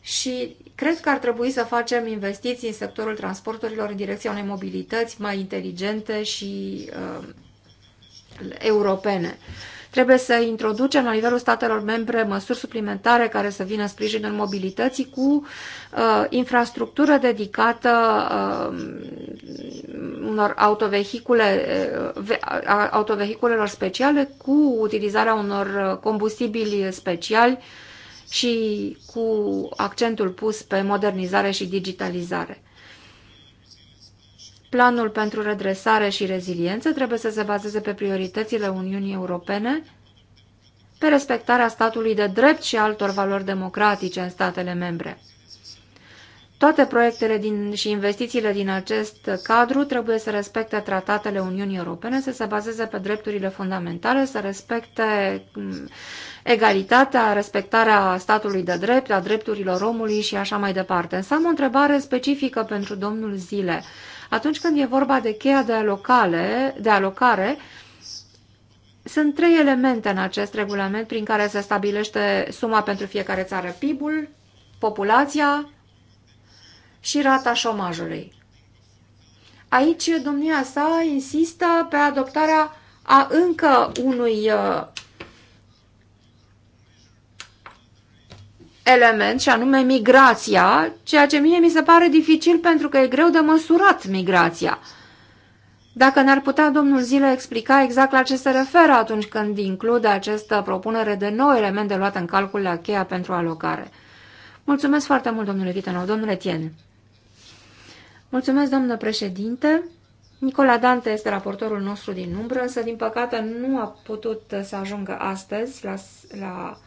și cred că ar trebui să facem investiții în sectorul transporturilor în direcția unei mobilități mai inteligente și uh, europene. Uh, Trebuie să introducem la nivelul statelor membre măsuri suplimentare care să vină în sprijinul mobilității cu uh, infrastructură dedicată uh, unor autovehicule, uh, autovehiculelor speciale cu utilizarea unor combustibili speciali și cu accentul pus pe modernizare și digitalizare. Planul pentru redresare și reziliență trebuie să se bazeze pe prioritățile Uniunii Europene, pe respectarea statului de drept și altor valori democratice în statele membre. Toate proiectele din, și investițiile din acest cadru trebuie să respecte tratatele Uniunii Europene, să se bazeze pe drepturile fundamentale, să respecte mm, egalitatea, respectarea statului de drept, a drepturilor omului și așa mai departe. Însă am o întrebare specifică pentru domnul Zile. Atunci când e vorba de cheia de, alocale, de alocare, sunt trei elemente în acest regulament prin care se stabilește suma pentru fiecare țară, PIB-ul, populația și rata șomajului. Aici domnia sa insistă pe adoptarea a încă unui uh, element, și anume migrația, ceea ce mie mi se pare dificil pentru că e greu de măsurat migrația. Dacă ne-ar putea domnul Zile explica exact la ce se referă atunci când include această propunere de nou element de luat în calcul la cheia pentru alocare. Mulțumesc foarte mult, domnule Vitanov, Domnule Tien. Mulțumesc, domnule președinte. Nicola Dante este raportorul nostru din umbră, însă, din păcate, nu a putut să ajungă astăzi la, la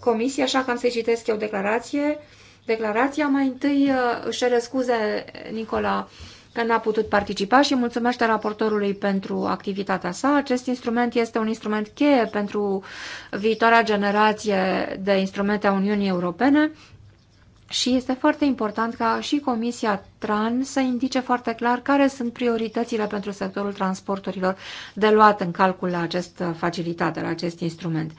comisie, așa că am să-i citesc eu declarație. Declarația mai întâi uh, își cere scuze Nicola că n-a putut participa și mulțumește raportorului pentru activitatea sa. Acest instrument este un instrument cheie pentru viitoarea generație de instrumente a Uniunii Europene și este foarte important ca și Comisia TRAN să indice foarte clar care sunt prioritățile pentru sectorul transporturilor de luat în calcul la acest uh, facilitate, la acest instrument.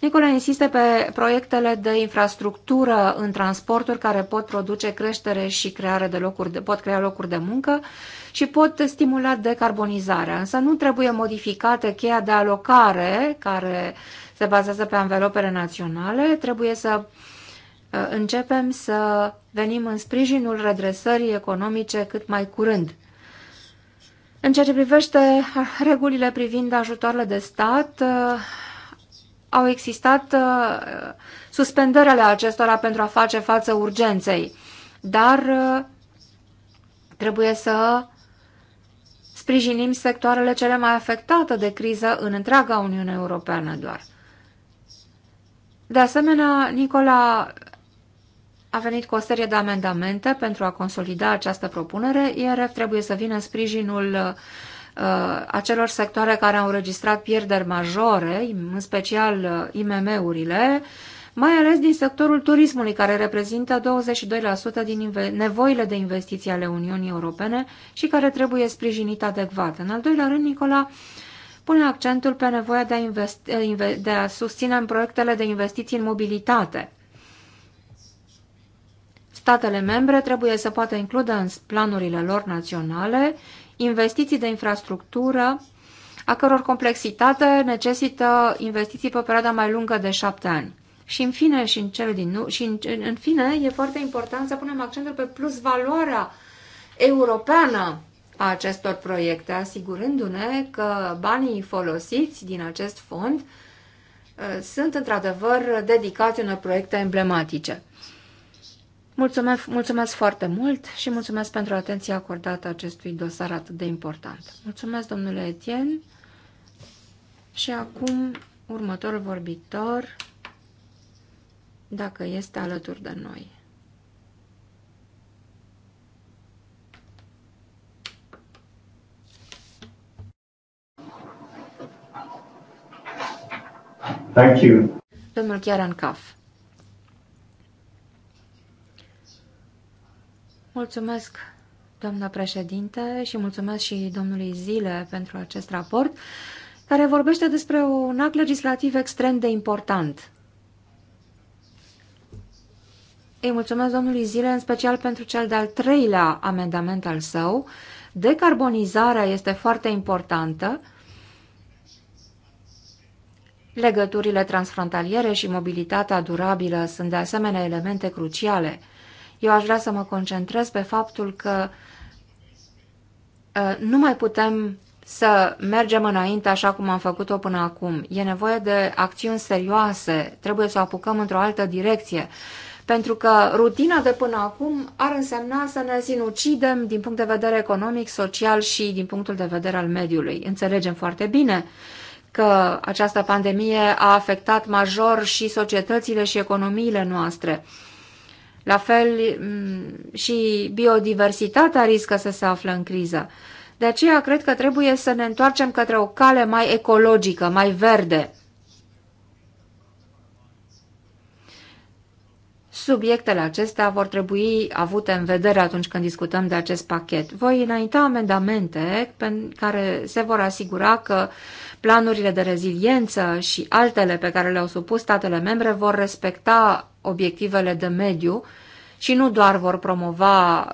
Nicola insistă pe proiectele de infrastructură în transporturi care pot produce creștere și creare de locuri de, pot crea locuri de muncă și pot stimula decarbonizarea, însă nu trebuie modificate cheia de alocare care se bazează pe anvelopele naționale, trebuie să Uh, începem să venim în sprijinul redresării economice cât mai curând. În ceea ce privește regulile privind ajutoarele de stat, uh, au existat uh, suspendările acestora pentru a face față urgenței, dar trebuie să sprijinim sectoarele cele mai afectate de criză în întreaga Uniune Europeană doar. De asemenea, Nicola a venit cu o serie de amendamente pentru a consolida această propunere. IRF trebuie să vină în sprijinul uh, acelor sectoare care au înregistrat pierderi majore, în special uh, IMM-urile, mai ales din sectorul turismului, care reprezintă 22% din nevoile de investiții ale Uniunii Europene și care trebuie sprijinit adecvat. În al doilea rând, Nicola pune accentul pe nevoia de a, de a susține în proiectele de investiții în mobilitate – Statele membre trebuie să poată include în planurile lor naționale investiții de infrastructură, a căror complexitate necesită investiții pe o perioadă mai lungă de șapte ani. Și în fine, și în cel din nu, și în, în fine, e foarte important să punem accentul pe plus valoarea europeană a acestor proiecte, asigurându-ne că banii folosiți din acest fond uh, sunt într-adevăr dedicați unor proiecte emblematice. Mulțumesc, mulțumesc foarte mult și mulțumesc pentru atenția acordată acestui dosar atât de important. Mulțumesc, domnule Etienne. Și acum, următorul vorbitor, dacă este alături de noi. Thank you. Domnul Chiaran Caff. Mulțumesc, doamna președinte, și mulțumesc și domnului Zile pentru acest raport, care vorbește despre un act legislativ extrem de important. Îi mulțumesc domnului Zile, în special pentru cel de-al treilea amendament al său. Decarbonizarea este foarte importantă, Legăturile transfrontaliere și mobilitatea durabilă sunt de asemenea elemente cruciale. Eu aș vrea să mă concentrez pe faptul că uh, nu mai putem să mergem înainte așa cum am făcut-o până acum. E nevoie de acțiuni serioase, trebuie să apucăm într-o altă direcție. Pentru că rutina de până acum ar însemna să ne sinucidem din punct de vedere economic, social și din punctul de vedere al mediului. Înțelegem foarte bine că această pandemie a afectat major și societățile și economiile noastre. La fel mm, și biodiversitatea riscă să se află în criză. De aceea cred că trebuie să ne întoarcem către o cale mai ecologică, mai verde. Subiectele acestea vor trebui avute în vedere atunci când discutăm de acest pachet. Voi înainta amendamente care se vor asigura că planurile de reziliență și altele pe care le-au supus statele membre vor respecta obiectivele de mediu și nu doar vor promova uh,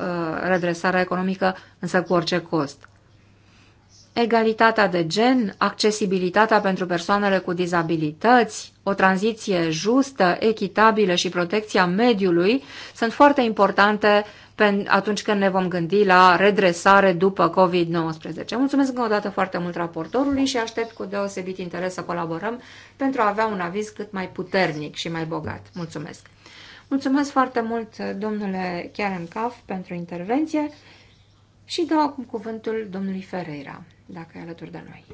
redresarea economică, însă cu orice cost. Egalitatea de gen, accesibilitatea pentru persoanele cu dizabilități, o tranziție justă, echitabilă și protecția mediului sunt foarte importante atunci când ne vom gândi la redresare după COVID-19. Mulțumesc încă o dată foarte mult raportorului și aștept cu deosebit interes să colaborăm pentru a avea un aviz cât mai puternic și mai bogat. Mulțumesc! Mulțumesc foarte mult, domnule Karen Caf, pentru intervenție și dau acum cuvântul domnului Ferreira, dacă e alături de noi.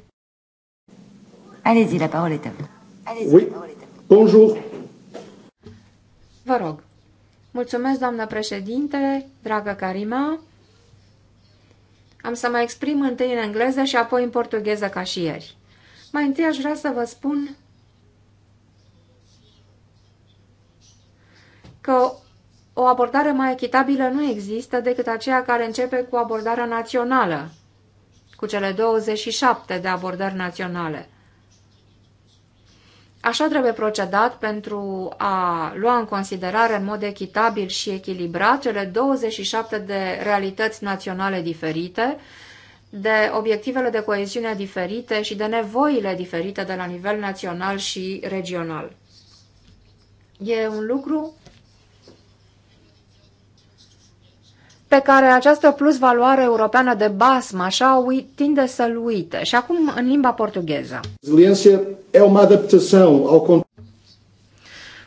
Allez-y, la parole est à vous. Allez-y, oui. la parole est à vous. Bonjour. Vă rog. Mulțumesc, doamnă președinte, dragă Karima. Am să mă exprim întâi în engleză și apoi în portugheză ca și ieri. Mai întâi aș vrea să vă spun că o abordare mai echitabilă nu există decât aceea care începe cu abordarea națională, cu cele 27 de abordări naționale. Așa trebuie procedat pentru a lua în considerare în mod echitabil și echilibrat cele 27 de realități naționale diferite, de obiectivele de coeziune diferite și de nevoile diferite de la nivel național și regional. E un lucru pe care această plusvaloare europeană de basm așa tinde să-l uite. Și acum în limba portugheză.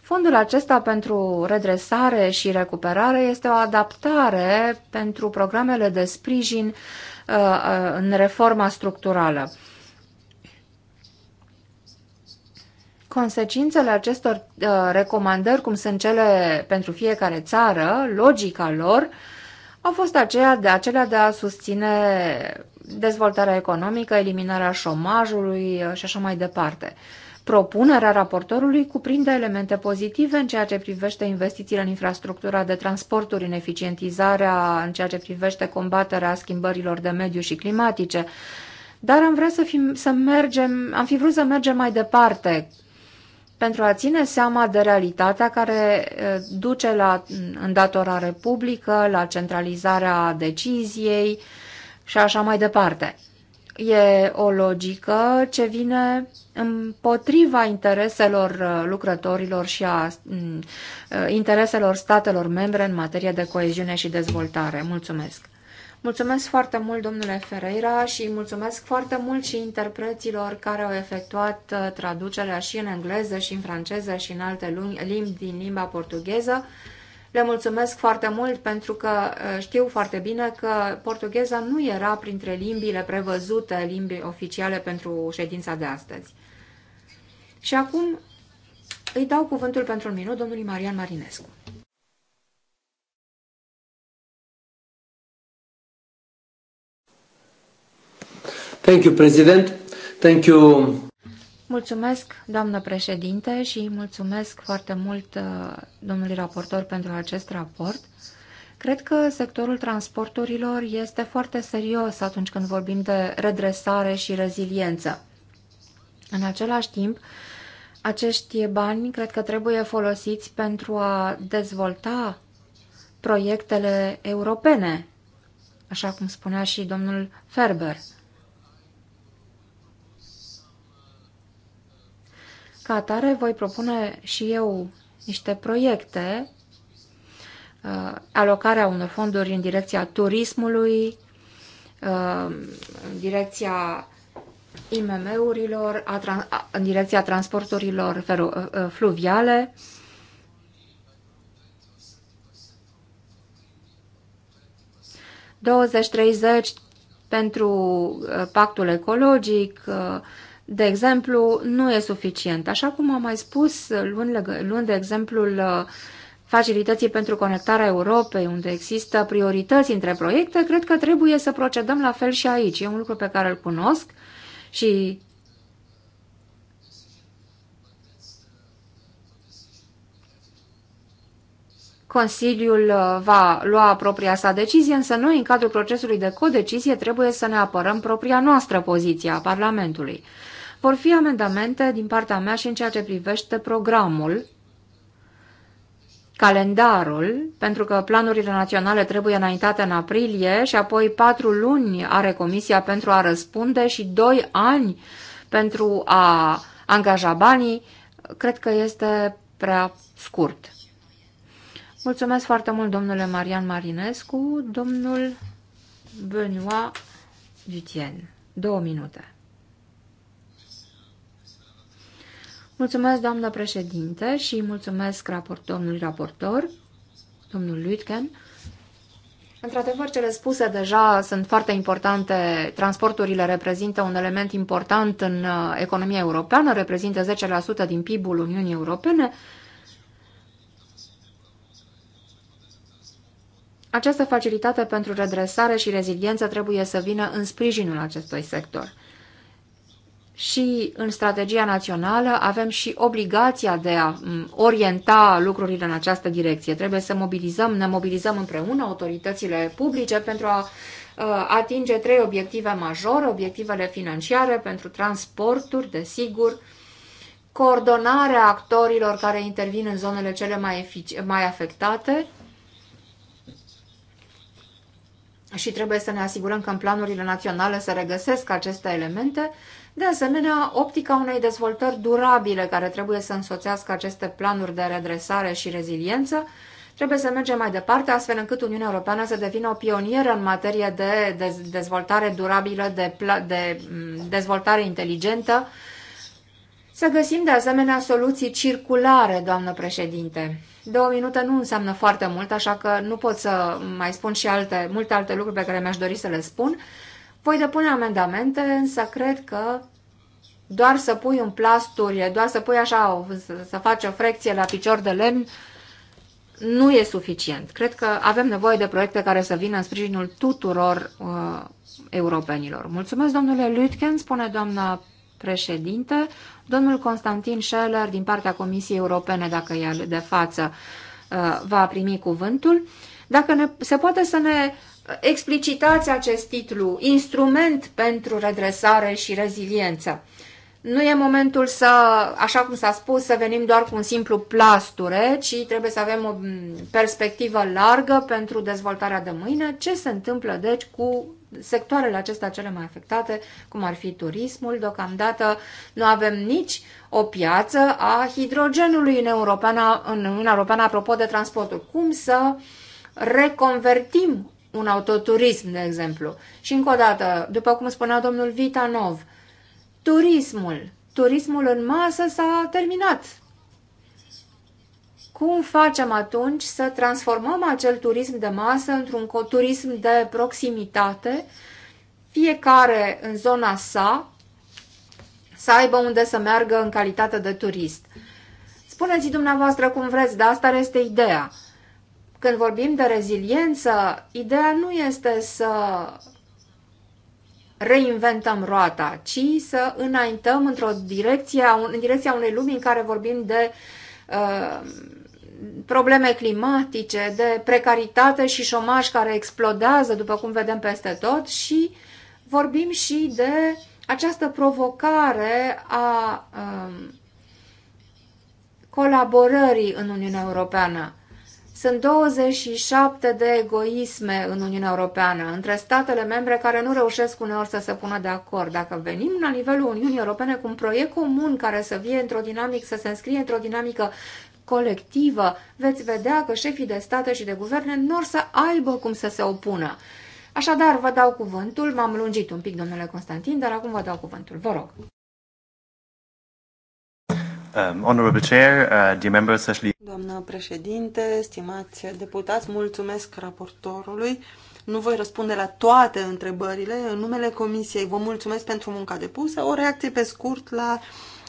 Fondul acesta pentru redresare și recuperare este o adaptare pentru programele de sprijin uh, uh, în reforma structurală. Consecințele acestor uh, recomandări, cum sunt cele pentru fiecare țară, logica lor, a fost aceea de acelea de a susține dezvoltarea economică, eliminarea șomajului uh, și așa mai departe. Propunerea raportorului cuprinde elemente pozitive în ceea ce privește investițiile în infrastructura de transporturi, în eficientizarea, în ceea ce privește combaterea schimbărilor de mediu și climatice. Dar am vrea să, fim, să mergem, am fi vrut să mergem mai departe pentru a ține seama de realitatea care duce la îndatorare publică, la centralizarea deciziei și așa mai departe. E o logică ce vine împotriva intereselor lucrătorilor și a intereselor statelor membre în materie de coeziune și dezvoltare. Mulțumesc! Mulțumesc foarte mult, domnule Ferreira, și mulțumesc foarte mult și interpreților care au efectuat uh, traducerea și în engleză, și în franceză, și în alte limbi din limba portugheză. Le mulțumesc foarte mult pentru că uh, știu foarte bine că portugheza nu era printre limbile prevăzute, limbi oficiale pentru ședința de astăzi. Și acum îi dau cuvântul pentru un minut domnului Marian Marinescu. Thank you, President. Thank you. Mulțumesc, doamnă președinte, și mulțumesc foarte mult uh, domnului raportor pentru acest raport. Cred că sectorul transporturilor este foarte serios atunci când vorbim de redresare și reziliență. În același timp, acești bani cred că trebuie folosiți pentru a dezvolta proiectele europene, așa cum spunea și domnul Ferber. Ca atare, voi propune și eu niște proiecte, uh, alocarea unor fonduri în direcția turismului, uh, în direcția IMM-urilor, în direcția transporturilor uh, fluviale. ...20-30 pentru pactul ecologic, de exemplu, nu e suficient. Așa cum am mai spus, luând, luând de exemplul uh, facilității pentru conectarea Europei, unde există priorități între proiecte, cred că trebuie să procedăm la fel și aici. E un lucru pe care îl cunosc și Consiliul uh, va lua propria sa decizie, însă noi, în cadrul procesului de codecizie, trebuie să ne apărăm propria noastră poziție a Parlamentului. Vor fi amendamente din partea mea și în ceea ce privește programul, calendarul, pentru că planurile naționale trebuie înaintate în aprilie și apoi patru luni are Comisia pentru a răspunde și doi ani pentru a angaja banii, cred că este prea scurt. Mulțumesc foarte mult, domnule Marian Marinescu, domnul Benoit Vitien. Două minute. Mulțumesc, doamnă președinte, și mulțumesc raport, domnului raportor, domnul Lütgen. Într-adevăr, cele spuse deja sunt foarte importante. Transporturile reprezintă un element important în uh, economia europeană, reprezintă 10% din PIB-ul Uniunii Europene. Această facilitate pentru redresare și reziliență trebuie să vină în sprijinul acestui sector și în strategia națională avem și obligația de a orienta lucrurile în această direcție. Trebuie să mobilizăm, ne mobilizăm împreună autoritățile publice pentru a ă, atinge trei obiective majore, obiectivele financiare pentru transporturi, desigur, coordonarea actorilor care intervin în zonele cele mai, mai afectate și trebuie să ne asigurăm că în planurile naționale se regăsesc aceste elemente de asemenea, optica unei dezvoltări durabile care trebuie să însoțească aceste planuri de redresare și reziliență, trebuie să mergem mai departe, astfel încât Uniunea Europeană să devină o pionieră în materie de dezvoltare durabilă, de, de mm, dezvoltare inteligentă, să găsim de asemenea soluții circulare, doamnă președinte. Două minute nu înseamnă foarte mult, așa că nu pot să mai spun și alte, multe alte lucruri pe care mi-aș dori să le spun, voi depune amendamente, însă cred că doar să pui un plasturi, doar să pui așa, să faci o frecție la picior de lemn, nu e suficient. Cred că avem nevoie de proiecte care să vină în sprijinul tuturor uh, europenilor. Mulțumesc, domnule Lütken, spune doamna președinte. Domnul Constantin Scheller, din partea Comisiei Europene, dacă e de față, uh, va primi cuvântul. Dacă ne, se poate să ne explicitați acest titlu, instrument pentru redresare și reziliență. Nu e momentul să, așa cum s-a spus, să venim doar cu un simplu plasture, ci trebuie să avem o perspectivă largă pentru dezvoltarea de mâine. Ce se întâmplă, deci, cu sectoarele acestea cele mai afectate, cum ar fi turismul. Deocamdată nu avem nici o piață a hidrogenului în, Europeana, în în Europeană, apropo de transportul. Cum să reconvertim un autoturism, de exemplu. Și încă o dată, după cum spunea domnul Vitanov, turismul, turismul în masă s-a terminat. Cum facem atunci să transformăm acel turism de masă într-un turism de proximitate, fiecare în zona sa, să aibă unde să meargă în calitate de turist? Spuneți dumneavoastră cum vreți, dar asta este ideea. Când vorbim de reziliență, ideea nu este să reinventăm roata, ci să înaintăm într-o direcție, în direcția unei lumi în care vorbim de uh, probleme climatice, de precaritate și șomaj care explodează, după cum vedem peste tot, și vorbim și de această provocare a um, colaborării în Uniunea Europeană. Sunt 27 de egoisme în Uniunea Europeană, între statele membre care nu reușesc uneori să se pună de acord. Dacă venim la nivelul Uniunii Europene cu un proiect comun care să vie într-o dinamică, să se înscrie într-o dinamică colectivă, veți vedea că șefii de state și de guverne nu or să aibă cum să se opună. Așadar, vă dau cuvântul, m-am lungit un pic, domnule Constantin, dar acum vă dau cuvântul. Vă rog. Um, honorable Chair, uh, dear members, especially... Doamnă președinte, stimați deputați, mulțumesc raportorului. Nu voi răspunde la toate întrebările în numele Comisiei. Vă mulțumesc pentru munca depusă. O reacție pe scurt la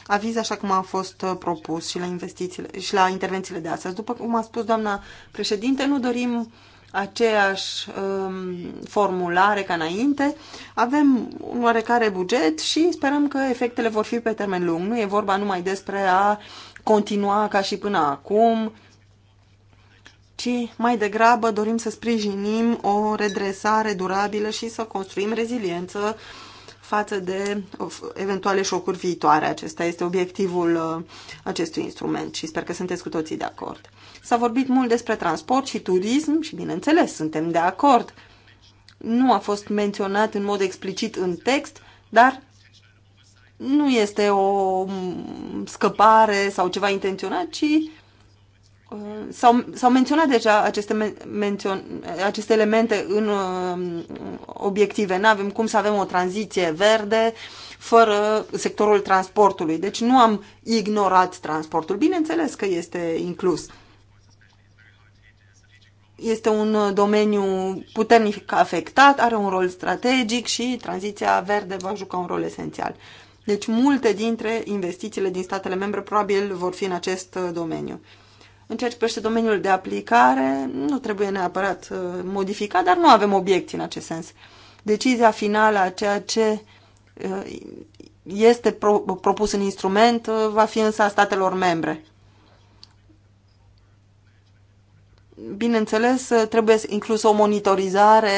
aviz așa cum a fost uh, propus și la, investițiile, și la intervențiile de astăzi. După cum a spus doamna președinte, nu dorim aceeași um, formulare ca înainte. Avem un oarecare buget și sperăm că efectele vor fi pe termen lung. Nu e vorba numai despre a continua ca și până acum, ci mai degrabă dorim să sprijinim o redresare durabilă și să construim reziliență față de eventuale șocuri viitoare. Acesta este obiectivul uh, acestui instrument și sper că sunteți cu toții de acord. S-a vorbit mult despre transport și turism și, bineînțeles, suntem de acord. Nu a fost menționat în mod explicit în text, dar nu este o scăpare sau ceva intenționat, ci uh, S-au, menționat deja aceste, men, mențion, aceste elemente în uh, obiective. Nu avem cum să avem o tranziție verde fără sectorul transportului. Deci nu am ignorat transportul. Bineînțeles că este inclus este un uh, domeniu puternic afectat, are un rol strategic și tranziția verde va juca un rol esențial. Deci multe dintre investițiile din statele membre probabil vor fi în acest uh, domeniu. În ceea ce privește domeniul de aplicare, nu trebuie neapărat uh, modificat, dar nu avem obiecții în acest sens. Decizia finală a ceea ce este propus în instrument va fi însă a statelor membre. bineînțeles, trebuie inclusă o monitorizare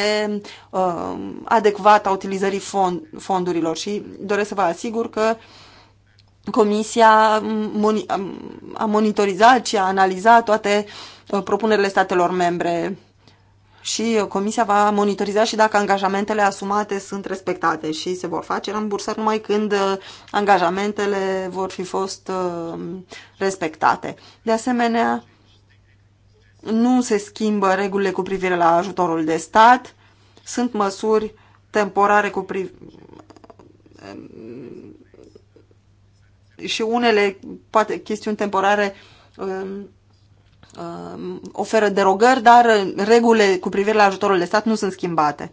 uh, adecvată a utilizării fond, fondurilor și doresc să vă asigur că Comisia a monitorizat și a analizat toate uh, propunerile statelor membre și uh, Comisia va monitoriza și dacă angajamentele asumate sunt respectate și se vor face rambursări numai când uh, angajamentele vor fi fost respectate. De asemenea, nu se schimbă regulile cu privire la ajutorul de stat, sunt măsuri temporare cu priv... și unele poate chestiuni temporare um, um, oferă derogări, dar regulile cu privire la ajutorul de stat nu sunt schimbate.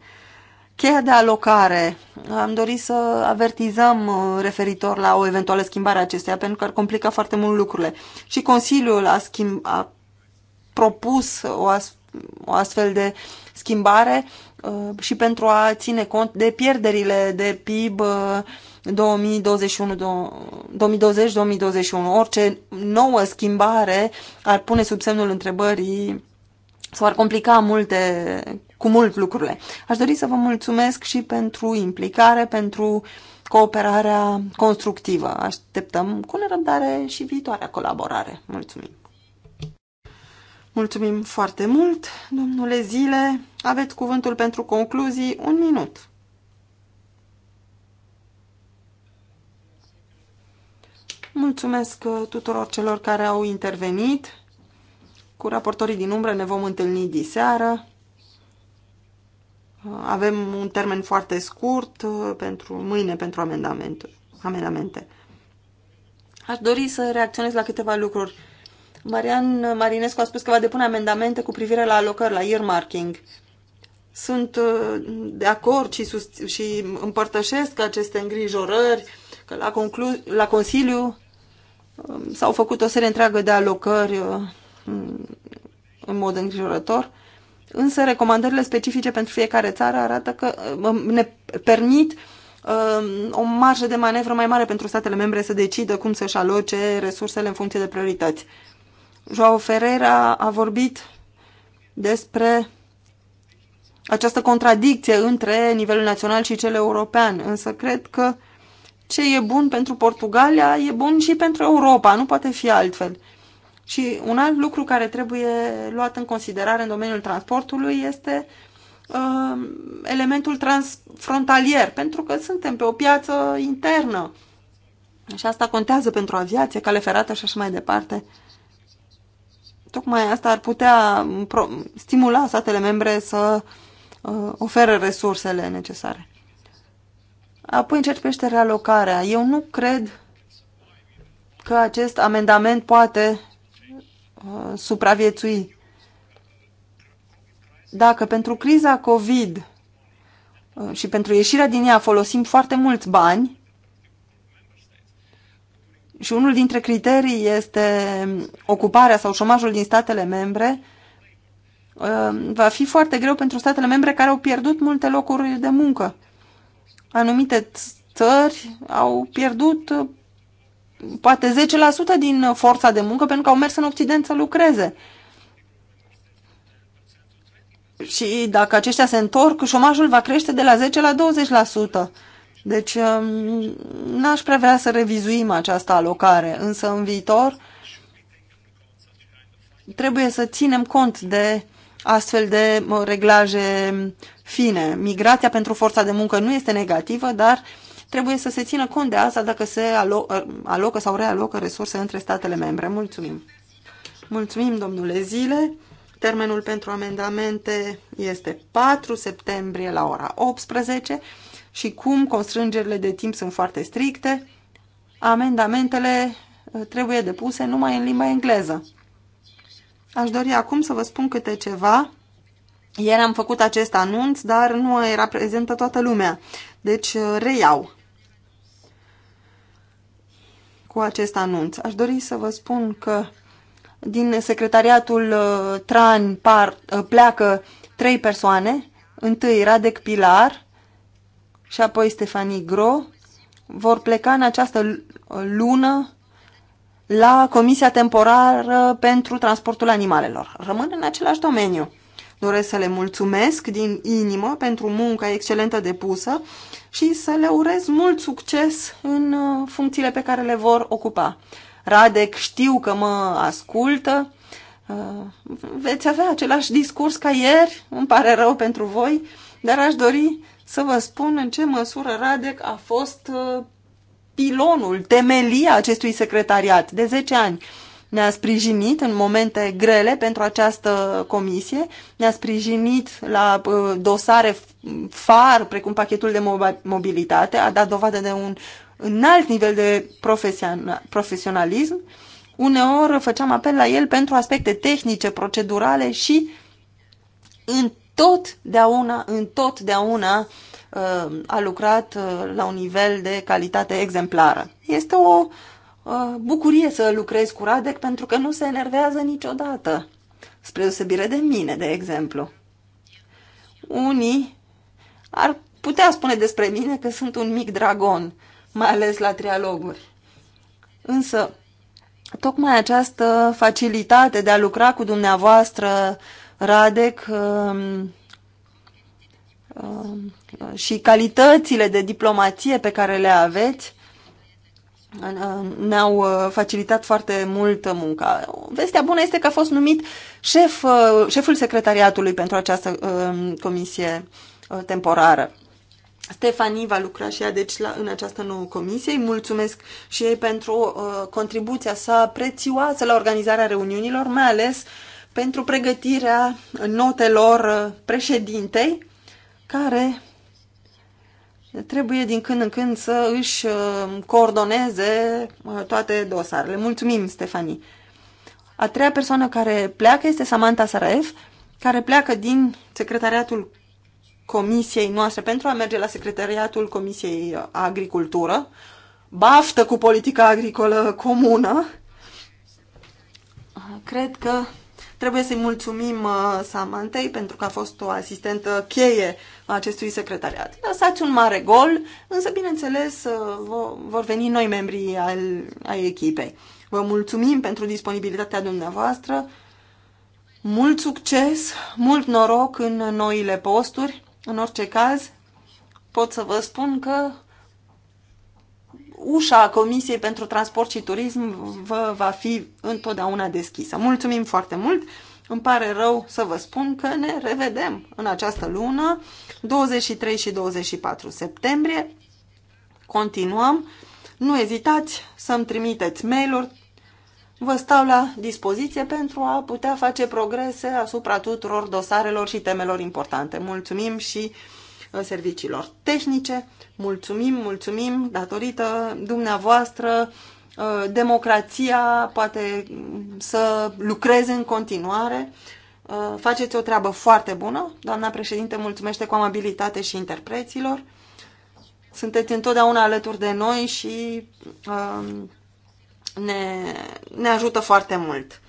Cheia de alocare. Am dorit să avertizăm uh, referitor la o eventuală schimbare a acesteia, pentru că ar complica foarte mult lucrurile. Și Consiliul a, schimb, a propus o, as, o astfel de schimbare uh, și pentru a ține cont de pierderile de PIB 2020-2021. Uh, Orice nouă schimbare ar pune sub semnul întrebării sau ar complica multe, cu mult lucrurile. Aș dori să vă mulțumesc și pentru implicare, pentru cooperarea constructivă. Așteptăm cu nerăbdare și viitoarea colaborare. Mulțumim! Mulțumim foarte mult, domnule Zile. Aveți cuvântul pentru concluzii, un minut. Mulțumesc tuturor celor care au intervenit. Cu raportorii din umbră ne vom întâlni diseară. Avem un termen foarte scurt uh, pentru mâine pentru amendamente. Aș dori să reacționez la câteva lucruri Marian Marinescu a spus că va depune amendamente cu privire la alocări, la earmarking. Sunt uh, de acord și, sus- și împărtășesc aceste îngrijorări că la, conclu- la Consiliu um, s-au făcut o serie întreagă de alocări uh, în mod îngrijorător, însă recomandările specifice pentru fiecare țară arată că uh, um, ne permit um, o marjă de manevră mai mare pentru statele membre să decidă cum să-și aloce resursele în funcție de priorități. Joao Ferreira a vorbit despre această contradicție între nivelul național și cel european, însă cred că ce e bun pentru Portugalia e bun și pentru Europa, nu poate fi altfel. Și un alt lucru care trebuie luat în considerare în domeniul transportului este uh, elementul transfrontalier, pentru că suntem pe o piață internă. Și asta contează pentru aviație, cale ferată și așa mai departe. Uh, Tocmai asta ar putea mm, stimula statele membre să uh, oferă resursele necesare. Apoi, în ceea ce privește realocarea, eu nu cred că acest amendament poate uh, supraviețui. Dacă pentru criza COVID uh, și pentru ieșirea din ea folosim foarte mulți bani, și unul dintre criterii este ocuparea sau șomajul din statele membre, ehm, va fi foarte greu pentru statele membre care au pierdut multe locuri de muncă. Anumite țări au pierdut eh, poate 10% din forța de muncă pentru că au mers în Occident să lucreze. Și dacă aceștia se întorc, șomajul va crește de la 10 la deci um, n-aș prea vrea să revizuim această alocare, însă în viitor trebuie să ținem cont de astfel de reglaje fine. Migrația pentru forța de muncă nu este negativă, dar trebuie să se țină cont de asta dacă se alo alocă sau realocă resurse între statele membre. Mulțumim! Mulțumim, domnule Zile! Termenul pentru amendamente este 4 septembrie la ora 18 și cum constrângerile de timp sunt foarte stricte, amendamentele uh, trebuie depuse numai în limba engleză. Aș dori acum să vă spun câte ceva. Ieri am făcut acest anunț, dar nu era prezentă toată lumea. Deci uh, reiau cu acest anunț. Aș dori să vă spun că din secretariatul uh, TRAN par, pleacă trei persoane. Întâi Radec Pilar, și apoi Stefanie Gro vor pleca în această lună la Comisia Temporară pentru Transportul Animalelor. Rămân în același domeniu. Doresc să le mulțumesc din inimă pentru munca excelentă depusă și să le urez mult succes în uh, funcțiile pe care le vor ocupa. Radec știu că mă ascultă, uh, veți avea același discurs ca ieri, îmi pare rău pentru voi, dar aș dori să vă spun în ce măsură Radec a fost uh, pilonul, temelia acestui secretariat de 10 ani. Ne-a sprijinit în momente grele pentru această comisie, ne-a sprijinit la uh, dosare far, precum pachetul de mobilitate, a dat dovadă de un înalt nivel de profesionalism. Uneori făceam apel la el pentru aspecte tehnice, procedurale și în totdeauna, întotdeauna uh, a lucrat uh, la un nivel de calitate exemplară. Este o uh, bucurie să lucrez cu Radek pentru că nu se enervează niciodată, spre deosebire de mine, de exemplu. Unii ar putea spune despre mine că sunt un mic dragon, mai ales la trialoguri. Însă, tocmai această facilitate de a lucra cu dumneavoastră Radec um, um, și calitățile de diplomație pe care le aveți uh, ne-au uh, facilitat foarte mult munca. Vestea bună este că a fost numit șef, uh, șeful secretariatului pentru această um, comisie temporară. Stefanie va lucra și ea deci la, în această nouă comisie. Îi mulțumesc și ei pentru uh, contribuția sa prețioasă la organizarea reuniunilor, mai ales uh, pentru pregătirea notelor uh, președintei, care trebuie din când în când să își uh, coordoneze uh, toate dosarele. Mulțumim, Stefanie! A treia persoană care pleacă este Samantha Saraev, care pleacă din secretariatul comisiei noastre pentru a merge la secretariatul Comisiei Agricultură, baftă cu politica agricolă comună. Cred că Trebuie să-i mulțumim uh, Samantei pentru că a fost o asistentă cheie a acestui secretariat. Lăsați un mare gol, însă, bineînțeles, uh, vor veni noi membrii al, ai echipei. Vă mulțumim pentru disponibilitatea dumneavoastră. Mult succes, mult noroc în noile posturi. În orice caz, pot să vă spun că ușa Comisiei pentru Transport și Turism vă va fi întotdeauna deschisă. Mulțumim foarte mult! Îmi pare rău să vă spun că ne revedem în această lună, 23 și 24 septembrie. Continuăm. Nu ezitați să-mi trimiteți mail-uri. Vă stau la dispoziție pentru a putea face progrese asupra tuturor dosarelor și temelor importante. Mulțumim și serviciilor tehnice. Mulțumim, mulțumim, datorită dumneavoastră, uh, democrația poate să lucreze în continuare. Uh, faceți o treabă foarte bună. Doamna președinte mulțumește cu amabilitate și interpreților. Sunteți întotdeauna alături de noi și uh, ne, ne ajută foarte mult.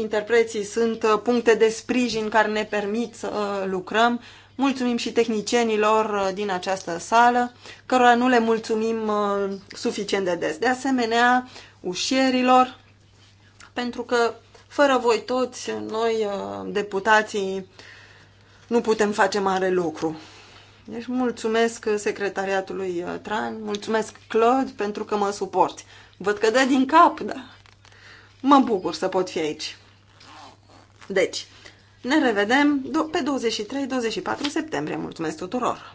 interpreții sunt uh, puncte de sprijin care ne permit să uh, lucrăm. Mulțumim și tehnicienilor uh, din această sală, cărora nu le mulțumim suficient de des. De asemenea, ușierilor, pentru că fără voi toți, noi, deputații, nu putem face mare lucru. Deci mulțumesc secretariatului Tran, mulțumesc Claude pentru că mă suporti. Văd că dă din cap, da. Mă bucur să pot fi aici. Deci, ne revedem pe 23-24 septembrie. Mulțumesc tuturor!